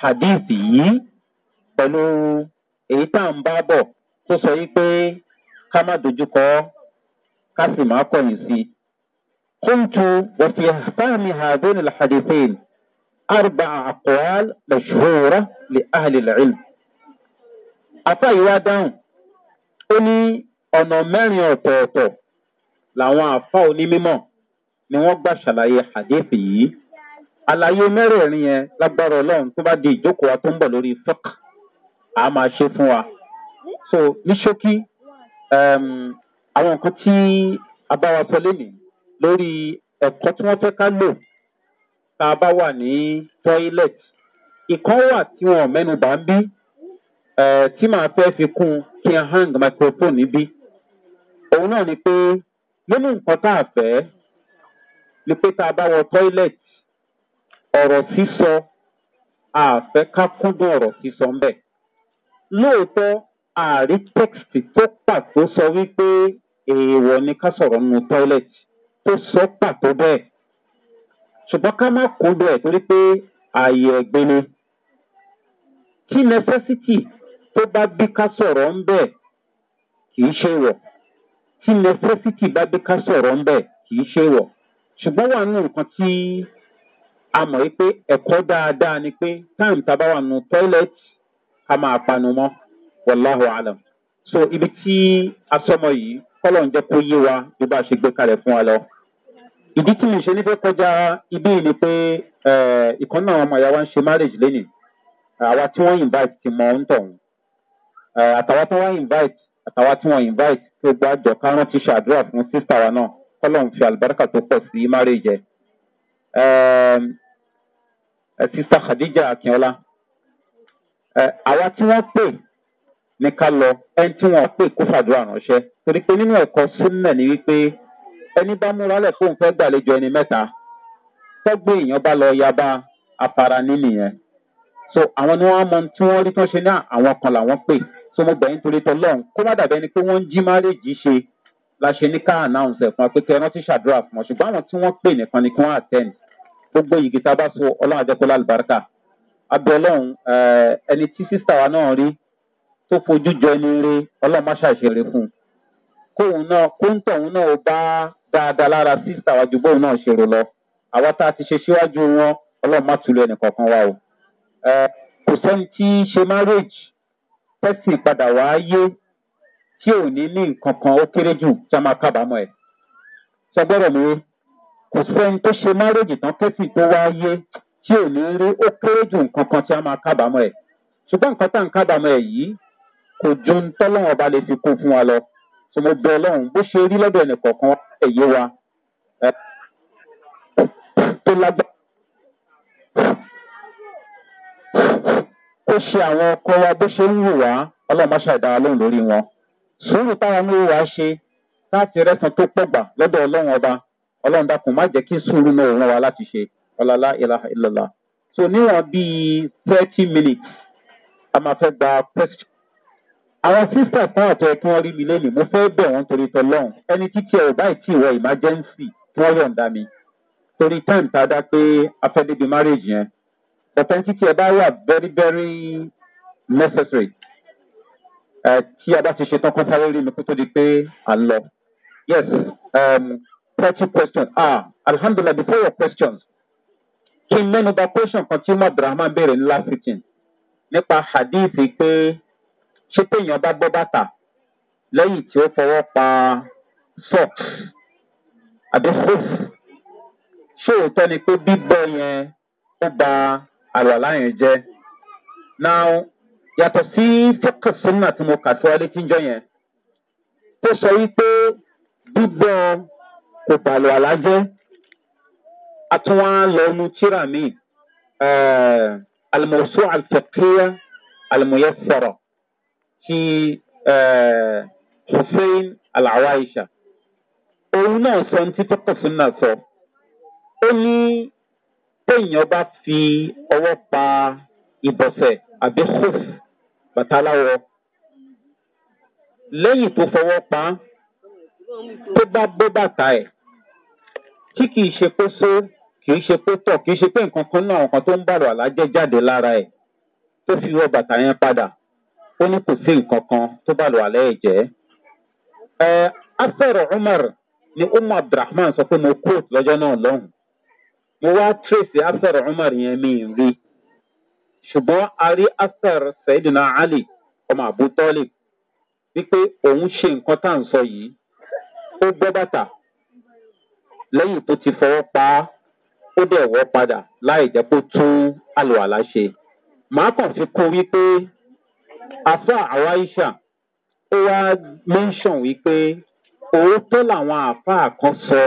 hadith yìí pẹ̀lú èyí tá à ń bá bọ̀ tó sọ yí pé ká má dojúkọ ọ́ ká sì má kọ̀yìn sí i. kóńtù wọ́fi fáàmì hàdéènì làhàdìfẹ́ẹ̀nì àrùbà àkọ́wàl lẹ́ṣọ́rọ́ lè áhàlì lẹ́ẹ̀lì. àfa yìí wá dáhùn ó ní ọ̀nà mẹ́rin ọ̀tọ̀ọ̀tọ̀ làwọn àfa onímọ̀ ni wọ́n gbà ṣàlàyé hàdéèfẹ̀ yìí àlàyé mẹ́rẹ̀ẹ̀rin yẹn lágbára ọlọ́run tó bá di ìjókòó wa tó ń bọ̀ lórí fọ́k àá máa ṣe fún wa so ní ṣókí um, àwọn nǹkan tí a bá wa sọ lénìí lórí ẹ̀kọ́ tí wọ́n fẹ́ ká lò tá a bá wà ní toilet ìkan wà tí wọn mẹ́nu bá ń bí eh, tí màá fẹ́ fi kún kí n hang microphone níbí òun náà ni pé nínú nǹkan tá a fẹ́ ni pé tá a bá wọ toilet ọ̀rọ̀ sísọ àfẹ́ kúndùn ọ̀rọ̀ sísọ ńbẹ̀ lóòótọ́ ààrí text tó pàtó sọ wípé èèwọ̀ ni ká sọ̀rọ̀ nínú toilet tó sọ pàtó bẹ́ẹ̀ ṣùgbọ́n ká má kó bẹ́ẹ̀ torí pé ààyè ẹ̀gbin ni tí necessity tó bá bí ká sọ̀rọ̀ ń bẹ̀ kìí ṣe wọ̀ tí necessity bá bí ká sọ̀rọ̀ ń bẹ̀ kìí ṣe wọ̀ ṣùgbọ́n wà nínú nǹkan tí a mọ̀ wípé ẹ̀kọ́ dáadáa ni pé táǹtà bá wà nù toilet ká máa panu mọ́ wàláhù alam so ibi tí asọmọ yìí kọlọ̀ ń jẹ́ kó yé wa bí bá a ṣe gbé kalẹ̀ fún wa lọ. ìdí tí mi ṣe ní fẹ́ kọjá ibí ni pé ìkan náà ọmọ ìyá wa ń ṣe marriage lẹ́nìí àwa tí wọ́n invite ti mọ ń tọ̀hún àtàwa tí wọ́n invite àtàwa tí wọ́n invite tó gba jọ kárán ti ṣàdúrà fún sísá wa náà kọlọ̀ ń fi àlùbáríkà tó pọ̀ sí marriage ẹ̀. sísá khadija akínọlá àwa tí wọ́n pè ní ká lọ ẹni tí wọn pè kó fàdúrà ránṣẹ́ torí pé nínú ẹ̀kọ́ súnmẹ̀ ni wípé ẹni bá múra lẹ̀ fóun fẹ́ gbàlejò ẹni mẹ́ta tọ́gbé èèyàn bá lọ yaba afara nínú yẹn so àwọn ni wọ́n mọ tí wọ́n rí tán ṣe ní àwọn kan làwọn pè so mo gbẹ̀yìn torí tọ́ lọ́hùn kó má dàbẹ́ ni pé wọ́n ń jí márèjì ṣe la ṣe ní ká announce ẹ̀ fún wa pé kẹ́ ẹran ti ṣàdúrà fún wọn ṣùgbọ́n àwọn tí wọ́n pè nìkan ni kí wọ́n attend gbogbo yìí tá a bá so ọlọ́run àjẹkọ́lá àlùbáríkà abẹ́ ọlọ́run ẹni tí sísá wa náà rí tó fojú jọ ní rí ọlọ́mọṣàṣe rí fún un kóun náà kóńtọ̀ òun náà bá dáadáa lára sísà wájú bóun náà ṣe rò lọ àwa tá a ti ṣe síwájú wọn ọlọ́mọ àtúlẹ̀ wa o kò sẹ́ni tí í ṣe marriage tẹ́sì padà wàá yé tí ò ní ní nǹkan kan ó kéré jù tí a máa kábàámọ̀ ẹ̀ sọgbọ́dọ̀ mi kò sẹ́ni tó ṣe marriage tán tẹ́sì tó wá yé tí ò ní rí ó kéré jù nǹkan kan tí a máa kábàámọ̀ ẹ̀ ṣùgbọ́n nǹkan tá à ń kábàámọ̀ ẹ̀ yìí kò ju ń tọ́lọ́wọ́n ọba lè fi kó fún wa lọ tí mo bẹ ọlọ́run bó ṣe rí lọ́dọ̀ ẹnì kọ̀ọ̀kan ẹ̀yẹ wa tó lágbára. ó ṣe àwọn ọkọ wa bó ṣe ń wù wá ọlọ́run máṣá ìdára lóhùn lórí wọn sùúrù táwọn ń wù wá ṣe láti rẹ́sàn tó pọ̀ gbà lọ́dọ̀ ọlọ́run ọba ọlọ́run dákun má jẹ́ kí sùúrù náà ràn wá láti ṣe ọlọ́lá ìlàlá ìlàlá níwọ̀n bíi thirty minutes a máa fẹ́ gba question àwọn sísà kan àtọ ẹ kí wọn rí mi lẹni mo fẹ bẹ wọn torí tọlọrun ẹni títí ẹ ò báyìí tí ìwọ emergency kí wọn yọǹda mi torí time tá a dá pé afẹdébi marriage yẹn bọtẹn títí ẹ bá wà very very necessary ẹ tí a bá ti ṣetán kó sáré rí mi kó tó di pé à ń lọ yes um, thirty questions ah alhamdulilah before your questions kí n mẹ́nu ba question kan tí mo abdulrahman béèrè ńlá sitting nípa hadithi pé ṣé téèyàn bá bọ́ bàtà lẹ́yìn tí ó fọwọ́ pa socks àbí hoof ṣé òótọ́ ni pé bíbọ́ yẹn ó ba àlọ́lá yẹn jẹ́ now yàtọ̀ sí focus sínú àti mo kà sí ọ létí njọ́ yẹn tó sọ wípé bíbọ́ kò bàlọ́ àlá jẹ́ a tún wá lọ nu tíra mi eh, alimosu alfekiya ti hussein alawaisha òun náà sọ ní títí pọ̀sùn náà sọ ó ní téèyàn bá fi ọwọ́ pa ìbọ̀sẹ̀ àbí hoof bàtà lẹ́yìn tó fọwọ́ pa tó bá bó bàtà ẹ̀ tí kìí ṣe pé só kìí ṣe pé tọ̀ kìí ṣe pé nǹkan kan náà nǹkan tó ń bàrọ̀ àlájẹ́ jáde lára ẹ̀ tó fi wọ bàtà yẹn padà ó ní kò sí nǹkan kan tó bá lò àlẹ́ ẹ̀jẹ̀ ẹ asọ̀rọ̀ umar ni umar abdulrahman sọ pé mo kóòt lọ́jọ́ náà lọ́hùn mo wá tírèsì asọ̀rọ̀ umar yẹn mi ń rí ṣùgbọ́n a rí asọ̀rọ̀ sẹ́yìdìnà ali ọmọ àbú tọ́lì wípé òun ṣe nǹkan tá à ń sọ yìí ó gbọ́ bàtà lẹ́yìn tó ti fọwọ́ pa á ó dẹ̀ wọ́ padà láì jẹ́ kó tún àlùwàlá ṣe màá kàn fi kún wípé. Afa awaisha, aisha ó wá mẹ́ńsàn wípé òótọ́ làwọn àfa kan sọ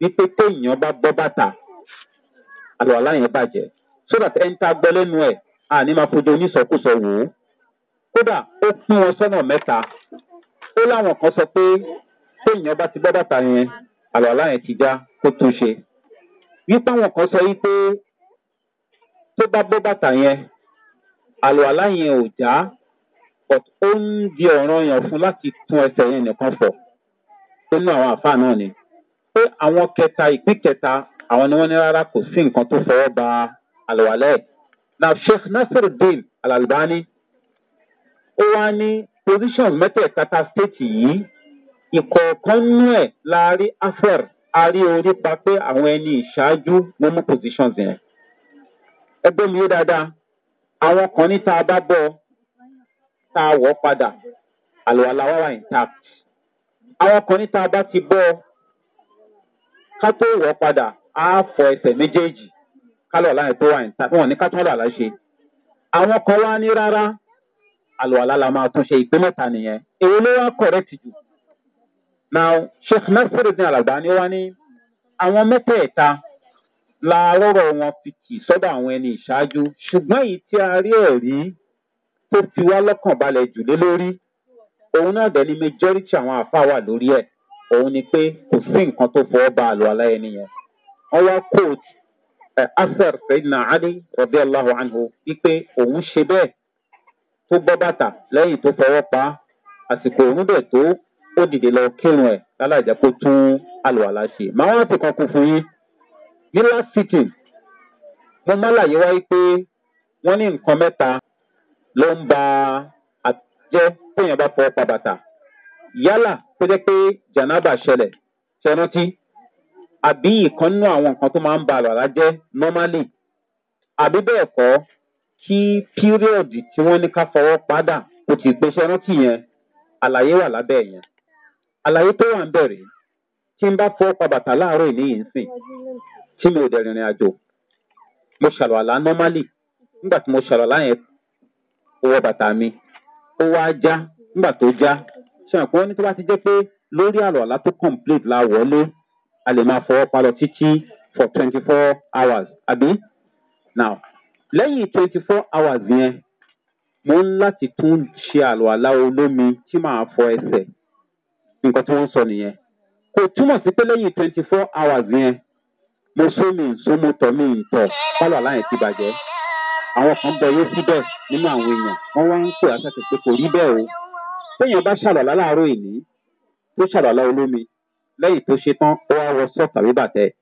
wípé téèyàn bá bọ́ bàtà àlùwàlá yẹn bàjẹ́ so that ẹni tá a gbọ́ lẹ́nu ẹ̀ àní máa fojú onísọkúsọ wò ó kódà ó pín wọn sọ́nà mẹ́ta ó láwọn kan sọ pé téèyàn bá ti bọ́ bàtà yẹn àlùwàlá yẹn ti já kó tún ṣe wípé àwọn kan sọ wípé tó bá bọ́ bàtà yẹn àlùwàlá yẹn ò já but ó ń di ọ̀ràn yàn fún láti tún ẹsẹ̀ yẹn nìkan fọ̀ nínú àwọn àfa náà ni pé àwọn kẹta ìpín kẹta àwọn ni wọ́n ní rárá kò sí nǹkan tó fọwọ́ ba àlùwalẹ̀ na sheikh nasir bin alalbani ó wá ní position mẹ́tẹ̀ẹ̀ta ta state yìí ìkọ̀ọ̀kan nú ẹ̀ la afẹ́r a orí pa pé àwọn ẹni ìṣáájú ló mú positions yẹn ẹgbẹ́ mi ó dáadáa àwọn kan ní tá bá bọ́ ọ tá a wọ̀ padà àlùwàlà wa wà intact. Àwọn ọkùnrin tá a bá ti bọ́ ká tó wọ̀ padà á fọ ẹsẹ̀ méjèèjì kálọ̀ láì tó wà intact. Wọ́n ní ká tún àlàlà Àwọn kan wá ní rárá àlùwàlà la máa tún ṣe ìpín mẹ́ta nìyẹn. Èwo ló wá correct jù? Now Sheikh Nasiruddin Alàgbà ni wá ní àwọn mẹ́tẹ̀ẹ̀ta la rọ̀rọ̀ wọn fi kì sọ́dọ̀ àwọn ẹni ìṣáájú ṣùgbọ́n èyí tí a rí ẹ̀rí tó fi wá lọ́kàn balẹ̀ jù lé lórí òun náà dẹ̀ ni majority àwọn àfa wà lórí ẹ̀ òun ni pé kò sí nǹkan tó fọwọ́ ba àlọ́ aláyẹ nìyẹn. wọ́n wá quote ẹ̀ eh, asar sayidina ali anhu wípé òun ṣe bẹ́ẹ̀ tó bàtà lẹ́yìn tó fọwọ́ pa àsìkò òun tó lọ kírun ẹ̀ kó tún àlọ́ màá fún yín ní last sitting mo wáyé wọ́n ní nǹkan ló ń ba àjẹ́ téèyàn bá fọwọ́ pa yálà tó jẹ́ pé jànábà ṣẹlẹ̀ ṣẹrántí àbí ìkan nínú àwọn nǹkan tó máa ń ba àlàlá jẹ́ normally àbí bẹ́ẹ̀ kí píríọ̀dì tí wọ́n ní ká fọwọ́ padà kò wà yẹn àlàyé tó wà ń tí n pa tí mi ò àjò mo àlá nígbà tí mo ó wọ bàtà mi ó wá já nígbà tó já ṣáà pé wọ́n ní tó bá ti jẹ́ pé lórí àlọ́ àlá tó complete la wọlé a lè máa fọwọ́ palọ̀ títí for twenty four hours àbí now lẹ́yìn twenty four hours yẹn mo ń láti tún ṣe àlọ́ àlá olómi tí màá fọ ẹsẹ̀ nǹkan tí wọ́n sọ nìyẹn kò túmọ̀ sí pé lẹ́yìn twenty four hours yẹn mo sómi nsómotọ̀ mi ń tọ̀ àlá yẹn ti bàjẹ́ àwọn kan bẹ owó nínú àwọn èèyàn wọ́n wá ń pè àtàkùn pé kò rí bẹ́ẹ̀ o téèyàn bá ṣàlàlá láàárọ̀ ìní tó ṣàlàlá olómi lẹ́yìn tó ṣe tán ó wá wọ sọ́ọ̀tà bí bàtẹ́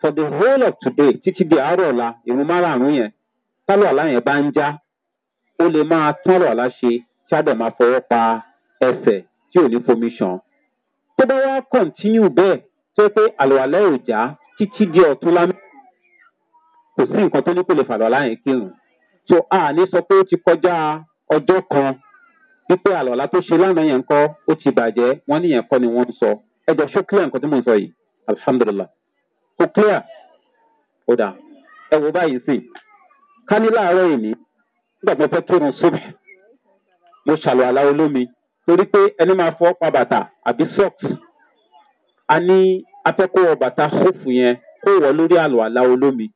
for the whole of today títí di àárọ̀ ọ̀la ìrún márààrún yẹn tálọ̀ àlá yẹn bá ń já ó lè máa tálọ̀ àlá ṣe tí á dẹ̀ máa fọwọ́ pa ẹsẹ̀ tí ò ní fomi ṣàn tó bá wá kọ̀ntínú bẹ́ẹ̀ tó pé àlọ́ àlẹ́ ò já títí di ọ̀tún lámì kò sí nǹkan tó ní kò lè fàlọ́ láyé kírun so a ní sọ pé ó ti kọjá ọjọ́ kan wípé àlọ́lá tó ṣe lánàá yẹn kọ́ ó ti bàjẹ́ wọ́n níyẹn kọ́ ni wọ́n ń sọ ẹ jọ ṣó clear nǹkan tí mò ń sọ yìí alihamudulilah kò clear ó dà ẹ wò báyìí sìn ká ní láàárọ̀ èmi nígbà tí mo fẹ́ kírun sóbì mo ṣàlùwàlá olómi torí pé ẹni máa fọ́ pa bàtà àbí socks a ní afẹ́kọ̀ọ́ bàtà hófù yẹn kó wọ̀ lórí àlùwàlá olómi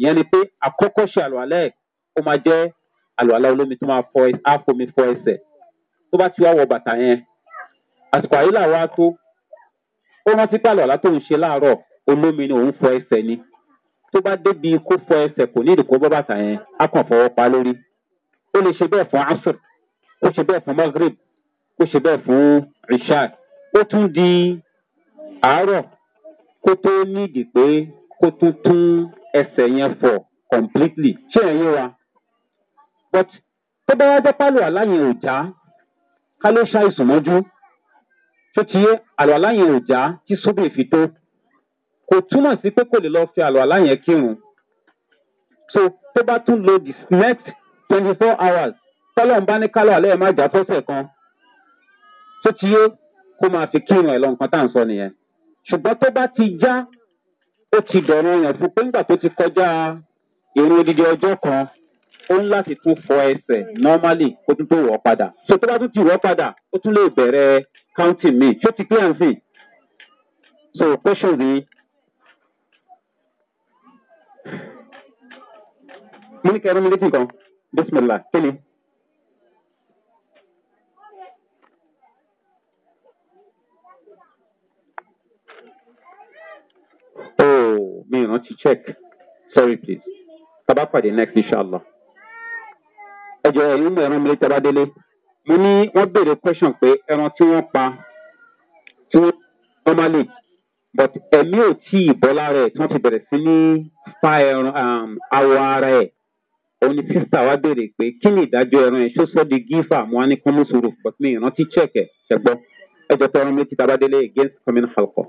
ìyẹn ni pé àkọ́kọ́ ṣe àlùwalá ẹ̀ ó máa jẹ́ àlùwalá olómi tó máa fọ àfomi fọ ẹsẹ̀ tó bá ti wá wọ bàtà yẹn àsìkò àyílà wa tó ó rántí pé àlùwalá tó ń ṣe láàárọ̀ olómi ni òun fọ ẹsẹ̀ ni tó bá débi kó fọ ẹsẹ̀ kò ní ìdìkú bọ́ bàtà yẹn á kàn fọwọ́ pa lórí ó lè ṣe bẹ́ẹ̀ fún asr ó ṣe bẹ́ẹ̀ fún maghreb ó ṣe bẹ́ẹ̀ fún ishaq ó tún di àárọ̀ kó tó nídìí pé kó tún tún ẹsẹ̀ yẹn fọ̀ completely ṣé ẹ̀ yé wa but tó bá wá jẹ́ pálọ̀ aláyẹn ò já ká ló ṣàìsùn mọ́jú tó ti yé àlọ́ aláyẹn ò já tí sóbì fi tó kò túmọ̀ sí pé kò lè lọ fi àlọ́ aláyẹn kírun so tó bá tún lo the next twenty four hours tọ́lọ̀ ń bá ní kálọ̀ alẹ́ ẹ̀ má jà fọ́sẹ̀ kan tó ti yé kó máa fi kírun ẹ̀ lọ nǹkan tá à ń sọ nìyẹn ṣùgbọ́n tó bá ti já ó ti dọ̀rọ̀ yàn fún pé ńgbà tó ti kọjá èrò odidi ọjọ́ kan ó ń láti tún fọ ẹsẹ̀ normally kó tún tó wọ̀ padà so tó bá tún ti wọ̀ padà ó tún lè bẹ̀rẹ̀ counting mi ṣó ti clear nsìn so question mi. mo ní kẹrin mi létí kan bisimilah kí ni. mi ìrántí check sorry please tábà pàdé next inshallah. ẹ jọ ẹ̀yin mọ̀ ẹran mi lé tábà délé mo ní wọ́n béèrè question pé ẹran tí wọ́n pa tí wọ́n normally but ẹ̀mí ò tí ì bọ́ lára ẹ̀ tí wọ́n ti bẹ̀rẹ̀ sí ní fa ẹran um, awọ ara ẹ̀ òun ni sísá wa béèrè pé kí ni ìdájọ́ ẹran ẹ̀ ṣó sọ́ di gífà mo wá ní kọ́mọ́sọ̀rọ̀ but mi ìrántí check ẹ̀ ṣẹ̀gbọ́ ẹ jọ pé ẹran mi ti tábà délé against communal alcohol.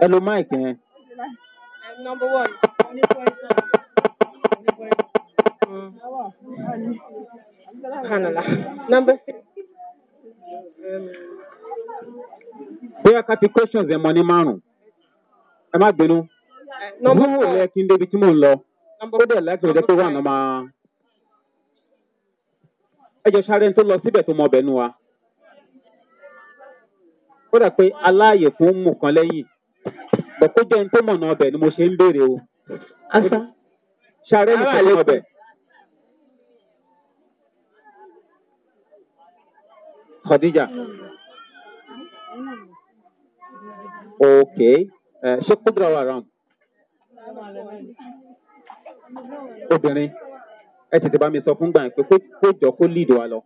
Hello Mike mic yẹn. Number one. Number six. Bóyá ká ti questions ẹ̀ money ní márùn-ún. Ẹ má bínú. Núhù yẹ kí n débi tí mò ń lọ. Ó dẹ̀ láti ọjọ́ pé wà ní ọmọ. Ẹ jọ sáré tó lọ síbẹ̀ tó mọ ọbẹ̀ kódà pé aláàyè tó ń mú kan lẹ́yìn bọ̀ kó jẹ́ ní tó mọ̀nà ọbẹ̀ ni mo ṣe ń béèrè o. asa ṣàrẹ́ ní tó mọ̀nà ọbẹ̀. Khadija. Okay. Ṣé Kudra wà round? Obìnrin ẹ tètè bá mi sọ fún gbàǹpé kó jọ kó lead wa lọ.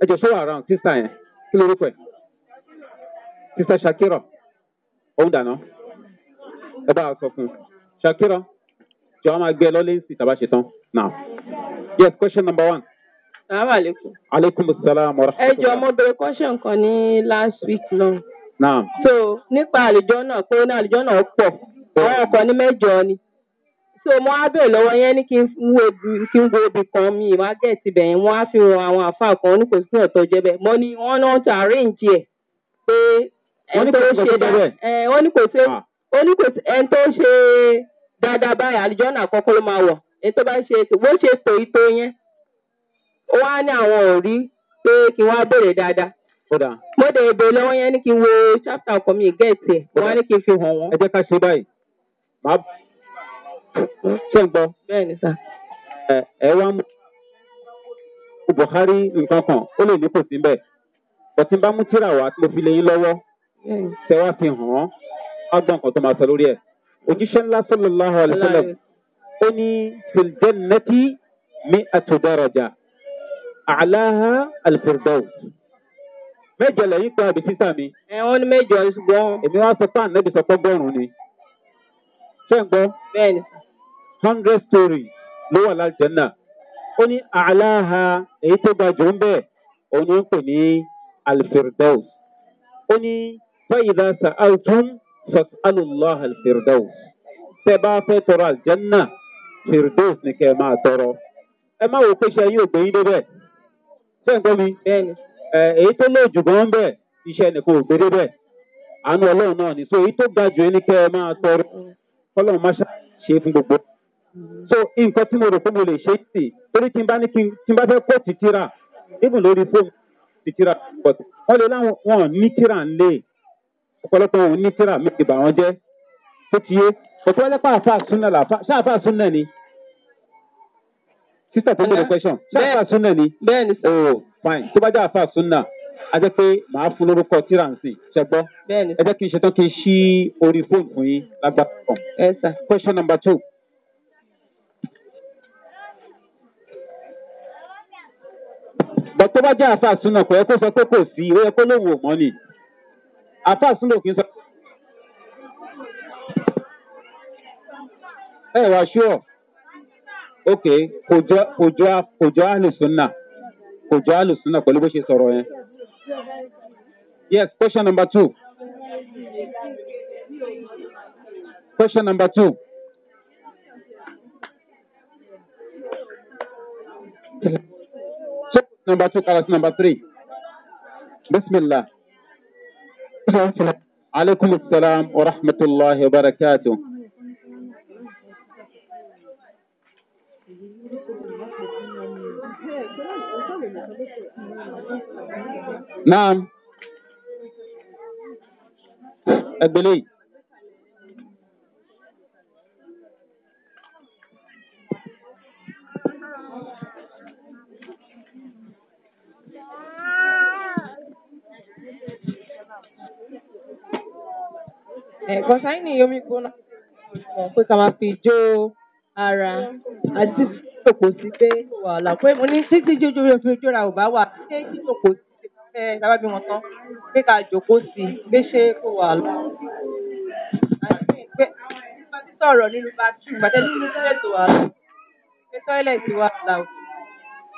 Ẹ jọ ṣé wà round sísá yẹn kí ló rúkọ ẹ̀ sista shakira òun dànù ẹ bá a sọ fún un shakira jọ a máa gbé ẹ lọ lẹ́yìn tàbá ṣe now yes question number one. salaamaleykum. aleykum salaam wa rahmatulah. ẹ jọ mo bèrè question kan ní last week náà. naam. so nípa àlejò náà pé ní àlejò náà pọ̀ àwọn kan ní mẹ́jọ ni. So mo wá bèrè lọ́wọ́ yẹn ní kí n wo kí n wo ibì kan mi ìwà yẹn wọ́n á fi ran àwọn àáfàá kan ní kò sí ọ̀tọ̀ jẹ́ bẹ́ẹ̀. Mo ní wọ́n náà ti ẹ̀ pé ẹni tó ṣe wọ́n ní kò ṣe ah. ẹni tó ṣe dáadáa báyìí àlùjọ́nà àkọ́kọ́ ló máa wọ̀ ẹni tó bá ṣe ṣe ìtò yẹn. ní àwọn pé kí wọ́n á bèrè dáadáa mo dẹ̀ èbè lọ́wọ́ yẹn ní kí n wo chapter mi ẹ̀ wọ́n á ní kí n fi hàn wọ́n. ẹ jẹ́ ká ṣe báyìí ṣé ń gbọ́ bẹ́ẹ̀ ni sà ẹ wá mú buhari nǹkan kan ó lè ní kò sí bẹ́ẹ̀ bọ̀tí bá mú tíra wá tó fi lè yín lọ́wọ́ tẹ wá fi hàn án wá gbọ́ nǹkan tó máa sọ lórí ẹ̀ òjíṣẹ́ ńlá sọ́lọ́láhùn àlùfẹ́lẹ̀ ó ní fìlìjẹ́ nẹ́tí mi àtúndàràjà àláhà àlùfẹ́rẹ́dọ́wù mẹ́jọ lẹ́yìn pé àbí sísà mi. ẹ̀ wọ́n ní mẹ́jọ ṣùgbọ́n. èmi wá sọ pé ànábì sọ pé gbọ́rùn ni ṣé ń gbọ́ hundred stories ló wà lálùjẹ́nà ó ní àláha èyí tó ga jù ń bẹ̀ òun ni ó ń pè ní alfirdaus ó ní fẹ́yìdá sa'altum fas'alullah alfirdaus tẹ́ bá fẹ́ tọrọ àlùjẹ́nà firdaus ni kẹ́ máa tọrọ ẹ má wò pé ṣe yóò gbé débẹ̀ ṣé gbọ́ mi èyí tó lóòjù gan ń iṣẹ́ nìkan ò débẹ̀ àánú ọlọ́run náà ni so èyí tó ga jù ní kẹ́ ẹ máa tọrọ kọ́lọ́mù máṣá ṣe fún gbogbo. so nǹkan tí mo rò pé mo lè ṣe é sì torí tí n bá ní kí n bá fẹ́ kó tìtìrà even lórí fóònù tìtìrà but wọ́n lè láwọn wọn ní tìrà ń lè ọ̀pọ̀lọpọ̀ wọn ní tìrà mi ti bà wọ́n jẹ́ tó ti yé òtún wọ́n lẹ́pà àfa àsúná làfa ṣáà àfa àsúná ni sísà tó ń bèrè question ṣáà àfa àsúná ni. bẹ́ẹ̀ ni sọ. Oh, fine tó bá jẹ́ àfa àsúná. a jẹ́ pé màá fún lórúkọ tíráǹsì ṣẹgbọ́ ẹ jẹ́ kí n ṣetán kí n ṣí orí fóònù fún yín kan. question number two. bọ̀ tó bá jẹ́ àáfàá súnà kò yẹ kó sọ pé kò sí ó yẹ sọ̀rọ̀ yẹn. Yes, question number two. Question number two. Number two, class number three. Bismillah. Alaykum as-salam wa rahmatullahi wa barakatuh. náà ẹgbẹ́ lẹ́yìn. Eh, kọsáìnì omi gbóná eh, pé ká máa fi jó ara àti tòkòsí pé wàhálà pé mo ní títí jójó fi jóra ò bá wà pé títí tòkòsí fẹ́ eh, tábà bímọ tán pé ká jòkó sí i pé ṣé kò wà lọ. nípa sísọ̀rọ̀ nínú bathroom gbàtẹ́ nínú tọ́lẹ̀tì wà lọ pé tọ́lẹ̀tì wà là ó.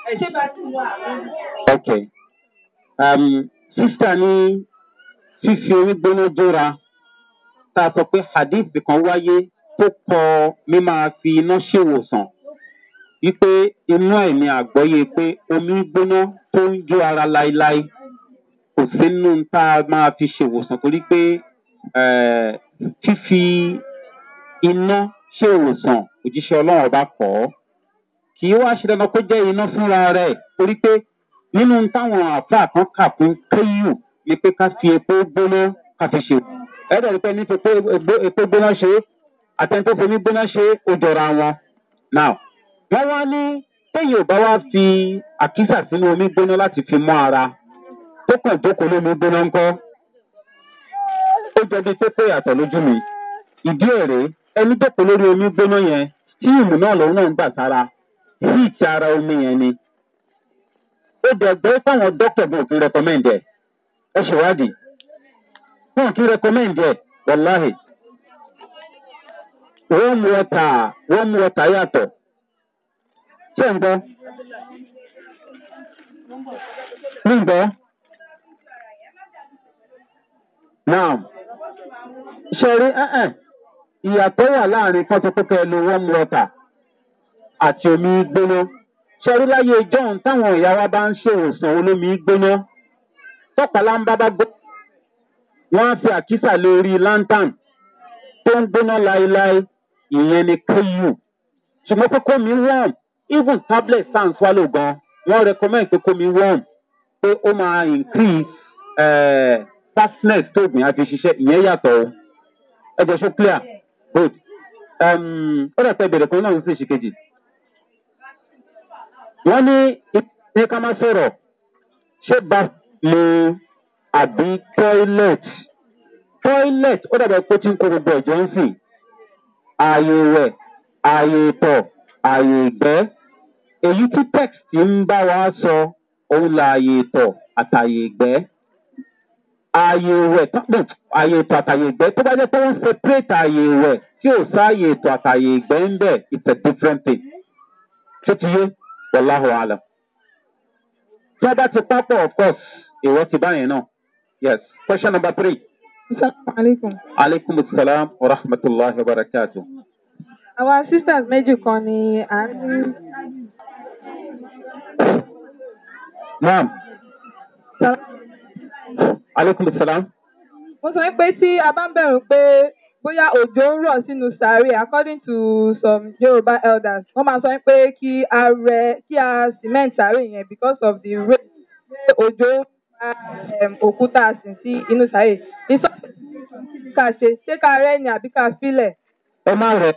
ẹ ṣé bathroom wà lọ. ok um, sísà ní fífi orí gbóná jóra tá a sọ pé hadith kan wáyé tó kọ mímọ fi iná ṣèwòsàn wípé inú ẹ̀mí àgbọ́yé pé omi gbóná tó ń jó ara láéláé sínú tá a máa fi ṣèwòsàn torí pé eh, fífi iná ṣèwòsàn òjíṣẹ́ ọlọ́run ọba kọ́ kì í wá ṣe dandan kó jẹ́ iná fúnra rẹ̀ torí pé nínú táwọn àfáà kan kà fún kéyù ni pé ká fi epo gbóná ká fi ṣe ẹ̀dọ̀ rí pé ní epo gbóná ṣe àtẹnudọ́ fi ní gbóná ṣe ó jọra wọn. now wọ́n wá ní téèyàn ò bá wá fi àkísà sínú omi gbóná láti fi mọ́ ara ó kàn jókòó lómi gbóná ó jọ bíi pé kó lójú mi ìdí èrè ẹni lórí omi gbóná yẹn tí ìmù náà lòun náà ń gbà omi yẹn ni ó dẹ̀ gbé fáwọn dókítà gan òfin ẹ ṣèwádìí now ṣẹ̀rí ẹ̀ẹ́ ìyàtọ̀ wà láàrin pátápátá ẹnu warm water àti omi gbóná ṣẹ̀rí láyé john táwọn ìyá wa bá ń ṣèwòsàn olómi gbóná tọ́pàlá ń bá bá gbó wọ́n á fi àkísà lórí lantern tó ń gbóná láéláé ìyẹn ni ku ṣùgbọ́n pé kómi warm even tablet sans swallow gan wọ́n recommend pé kómi warm pé ó máa increase. Uh, fastness tóògùn yẹn á fi ṣiṣẹ́ ìyẹn yàtọ̀ o ẹ jẹ́ so clear good ó dẹ̀ pẹ́ kan náà ń sì kejì. wọ́n ní ní ká ṣé bá àbí toilet toilet ó dàbẹ̀ pé tí ń kó gbogbo ẹ̀jẹ̀ ń sìn ààyè rẹ̀ ààyè ìtọ̀ ààyè èyí tí text ń bá wa sọ òun là ààyè ìtọ̀ àtààyè ààyè ìwẹ̀ tọ́pọ̀ ààyè ètò àtàyè ìgbẹ́ tó bá jẹ́ pé wọ́n separate ààyè ìwẹ̀ tí ò sáàyè ètò àtàyè ìgbẹ́ ń bẹ̀ it's a different thing. tó ti yé wàláhùn àlà. tí wọ́n bá ti pápọ̀ of course ìwọ́ ti báyìí náà. yes question number three. asalaamualeykum. aleykum salaam wa rahmatulahi wa barakatu. àwa sisters méjì kan ni à ń ní. naam. salaam aleykum salaam. mo sọ pé tí a bá ń bẹ̀rù pé bóyá òjò ń rọ̀ sínú sàárè according to some yorùbá elders wọ́n máa sọ pé kí a rẹ kí a cement sàárè yẹn because of the rain pé òjò pa òkúta sìn sí inú sàárè ìsọ̀rọ̀ ká ṣe ṣé ká rẹ́ ni àbí ká filẹ̀. ẹ má rẹ.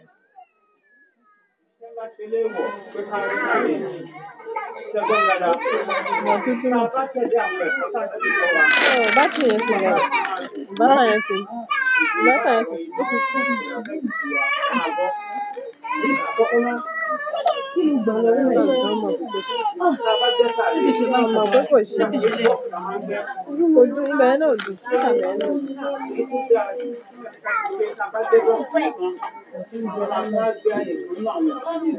Bátìrì yẹn ti lọ. Bátà yẹn ti. Bátà yẹn ti. Ó ti kú. Kí ni gbà wọlé rẹ̀? Ọmọ ọmọ pé kò ṣe. Ojú ibẹ̀ náà dùn sí àmì ẹ̀ náà.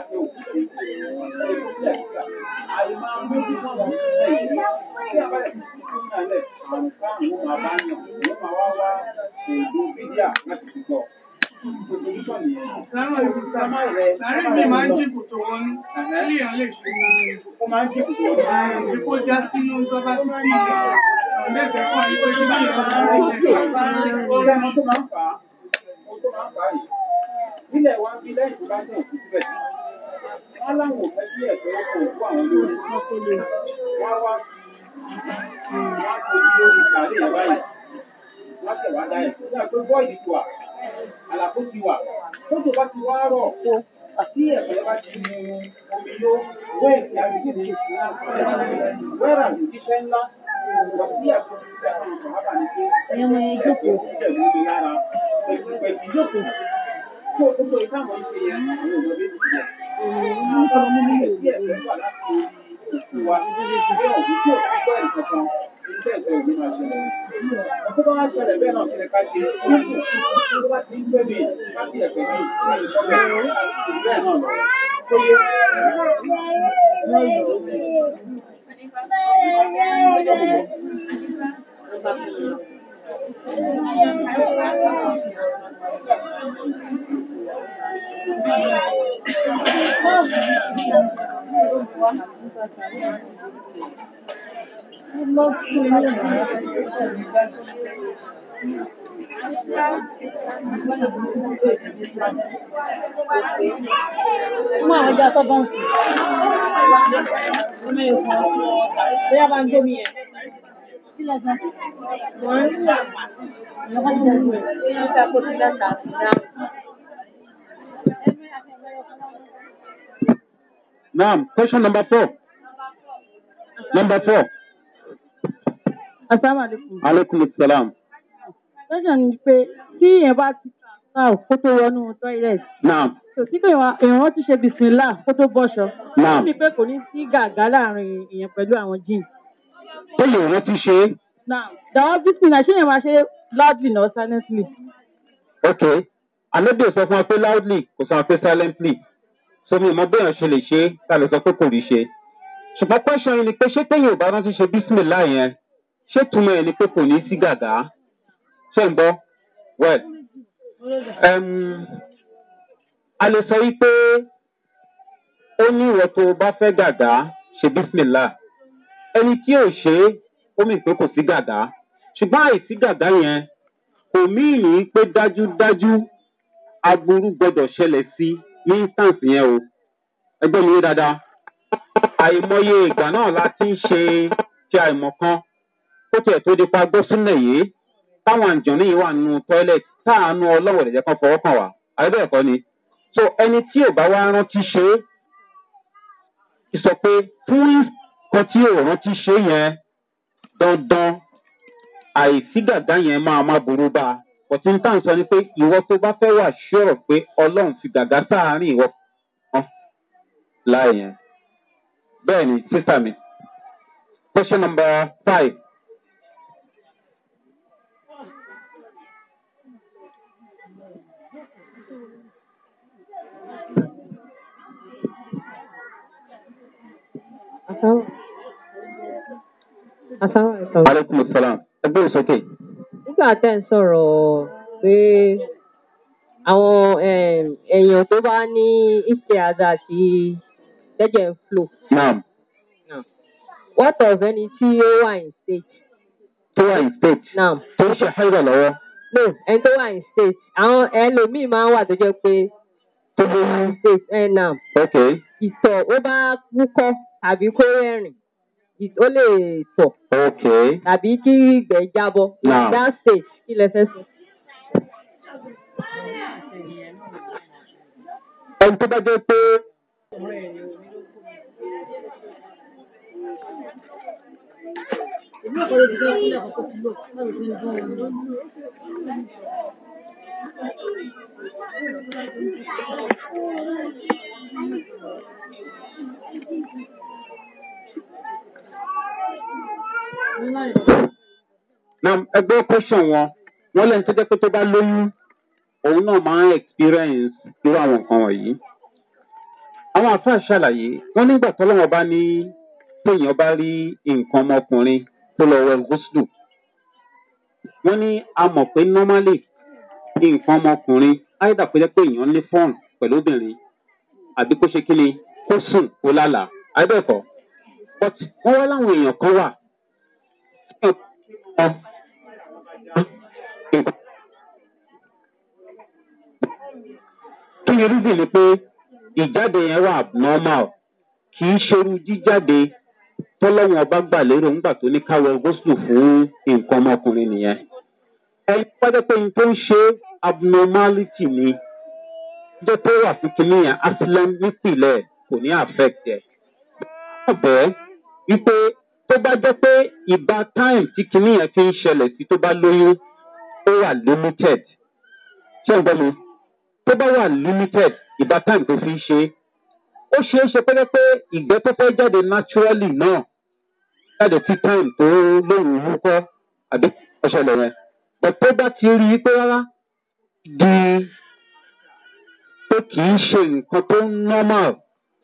Àárín mi máa ń jìn kòtò wọnú, àtẹ́lẹ̀ yẹn lè ṣe ní ó máa ń jìn kòtò wọnú. Ààrùn tí kò já sínú sọ́bà tí kì í lè ọ̀lẹ́ ìfẹ́ fún àyíkó ṣe bá yẹn máa ń rí ìṣẹ̀lẹ̀ bá ń rí. Ọ̀rẹ́ ọmọ tó máa ń fà á, ọmọ tó máa ń fà á yìí. Nílẹ̀ wa ń bí lẹ́yìn tó bá tẹ̀ òkú síbẹ̀ wọ́n láwọn fẹ́ bí ẹ̀tọ́ kò kó àwọn lórí wọn lè wá wá wá tó lórí sàárè yẹn báyìí wọ́n tẹ̀ wá dá ẹ̀ nígbà pé bọ́ọ̀lù ti wà àlàfo ti wà tótó bá ti wá rọ̀ kó àti ẹ̀fẹ̀ bá ti mu omi yó wẹ́ẹ̀kì àdúgbò ti fi hàn wẹ́ẹ̀rà ló fẹ́ ńlá wàtí àkókò ti àti ìjọba ní pé ẹ̀yọ́mọ yẹn jókòó pẹ̀lú omi lára pẹ̀lú pẹ̀lú jókòó tó o tó ìtàwọn ìṣe yẹn àwọn ọmọdé ti yẹ ní ọmọ nílé ìwé ẹ̀rọ wà láti ìwà nídìí ìdílé ọ̀hún tí òkú gbọ́ nǹkan kan nígbà ìgbà òní máa ṣẹlẹ̀. ọ̀pọ̀ bá wá ṣẹlẹ̀ bẹ́ẹ̀ náà ṣẹlẹ̀ ká ṣe oníṣòwò tó bá ti ń gbẹ́ mi bá ti ẹ̀fẹ̀ mi ìṣọ̀bẹ̀ ìbẹ́ẹ̀ náà lọ. tó yẹ Thank you. Máa ọjà tó bá ń sùn. Ọmọ yóò kọ́ bóyá bá ń gbé mi yẹn. Sílẹ̀ sá. Wọ́n ń lọ. Ìyá bá ti dàgbé. Ìyá bá ti dàgbé. Naam, question number four. Number four. Asalaamualeykum. Aleykum salaam. Question ni pé tí èèyàn bá ti ṣàtúnṣe kó tó wọnú toilet. Naam. Kò sí pé èèyàn ti ṣe bisimilá kó tó bọ́ṣọ. Naam. Wọ́n ní pé kò ní sí gàgá láàrin èèyàn pẹ̀lú àwọn jíìn. Bẹ́ẹ̀ni òun ti ṣe é. Naam. Dàwọn bisimilá ṣé èèyàn máa ṣe loudly or silently? Okay ànábì sọ fún wa pé loudly kò sọ wa pé silently so mi ò mọ bóyá ṣe lè ṣe tá a lè sọ pé kò rí ṣe ṣùgbọ́n pẹ́ṣọ yẹn ni pé ṣé téèyàn ò bá rántí ṣe bísímìlá yẹn ṣé túmọ̀ yẹn ni pé kò ní sí gàgá ṣé ń bọ́ well um, a lè sọ yìí pé ó ní ìwọ tó o bá fẹ́ gàgá ṣe bísímìlá ẹni tí ò ṣe é ó mì pé kò sí gàgá ṣùgbọ́n àìsí gàgá yẹn kò mí ìní pé dájúdájú agbórú gbọdọ̀ ṣẹlẹ̀ sí ní instance yẹn o ẹgbẹ́ mi yé dáadáa àìmọye ìgbà náà la ti ń ṣe ṣe àìmọ̀ kan kó tiẹ̀ tó di pa gbọ́ sílẹ̀ yìí táwọn àǹjọ̀ní yìí wà nínú toilet táàánú ọlọ́wọ̀ lẹ̀jẹ̀ kan fọwọ́ kàn wá àbẹ́bẹ̀ ẹ̀kọ́ ni so ẹni tí ò bá wá rántí ṣe é ti sọ pé fún kan tí ò rántí ṣe yẹn dandan àìsígàgá yẹn máa má burú bá a but n tá à ń sọ ni pé ìwọ tó bá fẹ́ wà ṣọ́rọ̀ pé ọlọ́run fi gàgá sáàárín ìwọ kan láì yẹn bẹ́ẹ̀ ni sísà mi question number five. Asalaamualeykum. Aleykum salaam. Ẹgbẹ́ ìsókè. Okay nígbà tẹ́ ń sọ̀rọ̀ pé àwọn um, èèyàn tó bá ní istiaza àti tẹ́jẹ̀ flow. Naam. What of ẹni tí ó wà in state? Tó wà in state. Naam. Tó ń ṣe àìsàn lọ́wọ́. No, ẹni tó wà in state. Àwọn ẹlòmíì máa ń wà tó jẹ́ pé tó wà in state. Ẹ eh, naam. Okay. Ìtọ̀ ó bá wúkọ́ àbí kó rẹ́rìn ó lè tọ̀. ok. tàbí kí ìgbẹ́ jábọ́. now at that stage kí lẹ fẹ́ sọ. ẹni tó bá jẹ́ pé. Thank you. na ẹgbẹ́ question wọn wọ́n lẹ́nu tó jẹ́ pé tó bá lóyún òun náà máa ń experience irú àwọn nǹkan wọ̀nyí. àwọn àfáà ṣàlàyé wọn nígbà tọ́lọ́wọ́n bá ní téèyàn bá rí nǹkan ọmọkùnrin tó lọ wẹ gúúsùlù wọn ní a mọ̀ pé normally nǹkan ọmọkùnrin áìdà pé pé èèyàn ní fọ́ọ̀n pẹ̀lú obìnrin àbí kó ṣe kí ni kó sùn kó lálàá àìbẹ̀kọ́ but wọ́n wá láwọn èèyàn kan wà Kí ni reason ni pé ìjáde yẹn wà abnormal kì í ṣerú jíjáde tọ́lọ́wọ́n ọba gbà lérò ńgbà tó ní káwọ gosùn fún nǹkan ọmọkùnrin nìyẹn. Ẹni pẹ́ẹ́dẹ́ pé tó ń ṣe abnormality ni jẹ́ pé wà fún kinní yẹn asylum nípìnlẹ̀ kò ní affect ẹ̀. Bẹ́ẹ̀ bẹ́ẹ̀ wípé tó bá jẹ́ pé ìgbà time tí kinní yẹn fi ń ṣẹlẹ̀ sí tó bá lóyún ó wà limited ṣé ń gbọ́ mi tó bá wà limited ìgbà time tó fi ń ṣe ó ṣeé ṣe pé pé ìgbẹ́ tó fẹ́ jáde naturally náà jáde sí time tó lóyún yìí kọ́ àbí ọ̀ṣẹ̀lẹ̀ yẹn but tó bá ti rí i pé rárá di pé kì í ṣe nǹkan tó normal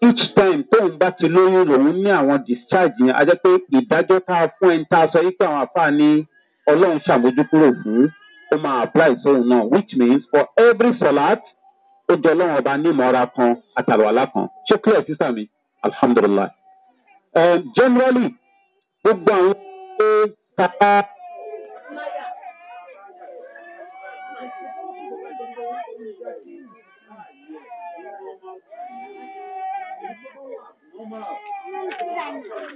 each time tóun bá ti lóyún lòun ní àwọn discharge yẹn a jẹ́ pé ìdájọ́ tá a fún ẹni tá a sọ yìí pé àwọn afáà ní ọlọ́run ṣàmójúkúrò fún ó máa apply sóun náà which means for every salat ó jọ ọlọ́run ọba ní ìmọ̀ra kan àtàlùwàlá kan ṣé clear sísà mi alhamdulilayi. Um, eh, generally gbogbo àwọn tó ta Thank you.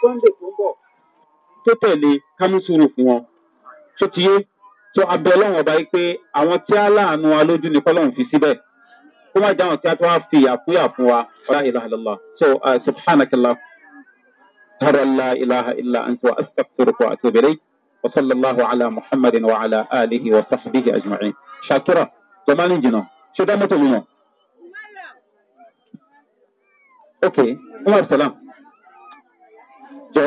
Sunday tó tẹ̀lé ká mú sùúrù fún wọn tó ti yé tó abẹ ọlọ́run ọba yìí pé àwọn tí á láàánú wa lójú ni kọ́lọ́run fi síbẹ̀ kó má dáhùn tí a tó wá fi àkúyà fún wa ọ̀la ilaha illallah so uh, subhanakallah tara la ilaha illa anta wa astaghfiruka wa atubu ilayk wa sallallahu ala muhammadin wa ala alihi wa sahbihi ajma'in shakira jamanin jina ṣe dá mọ́tò mi mọ́ umar salam jọ.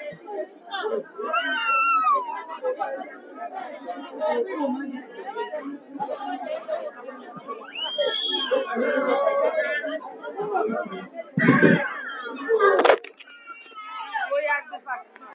Voy a empezar.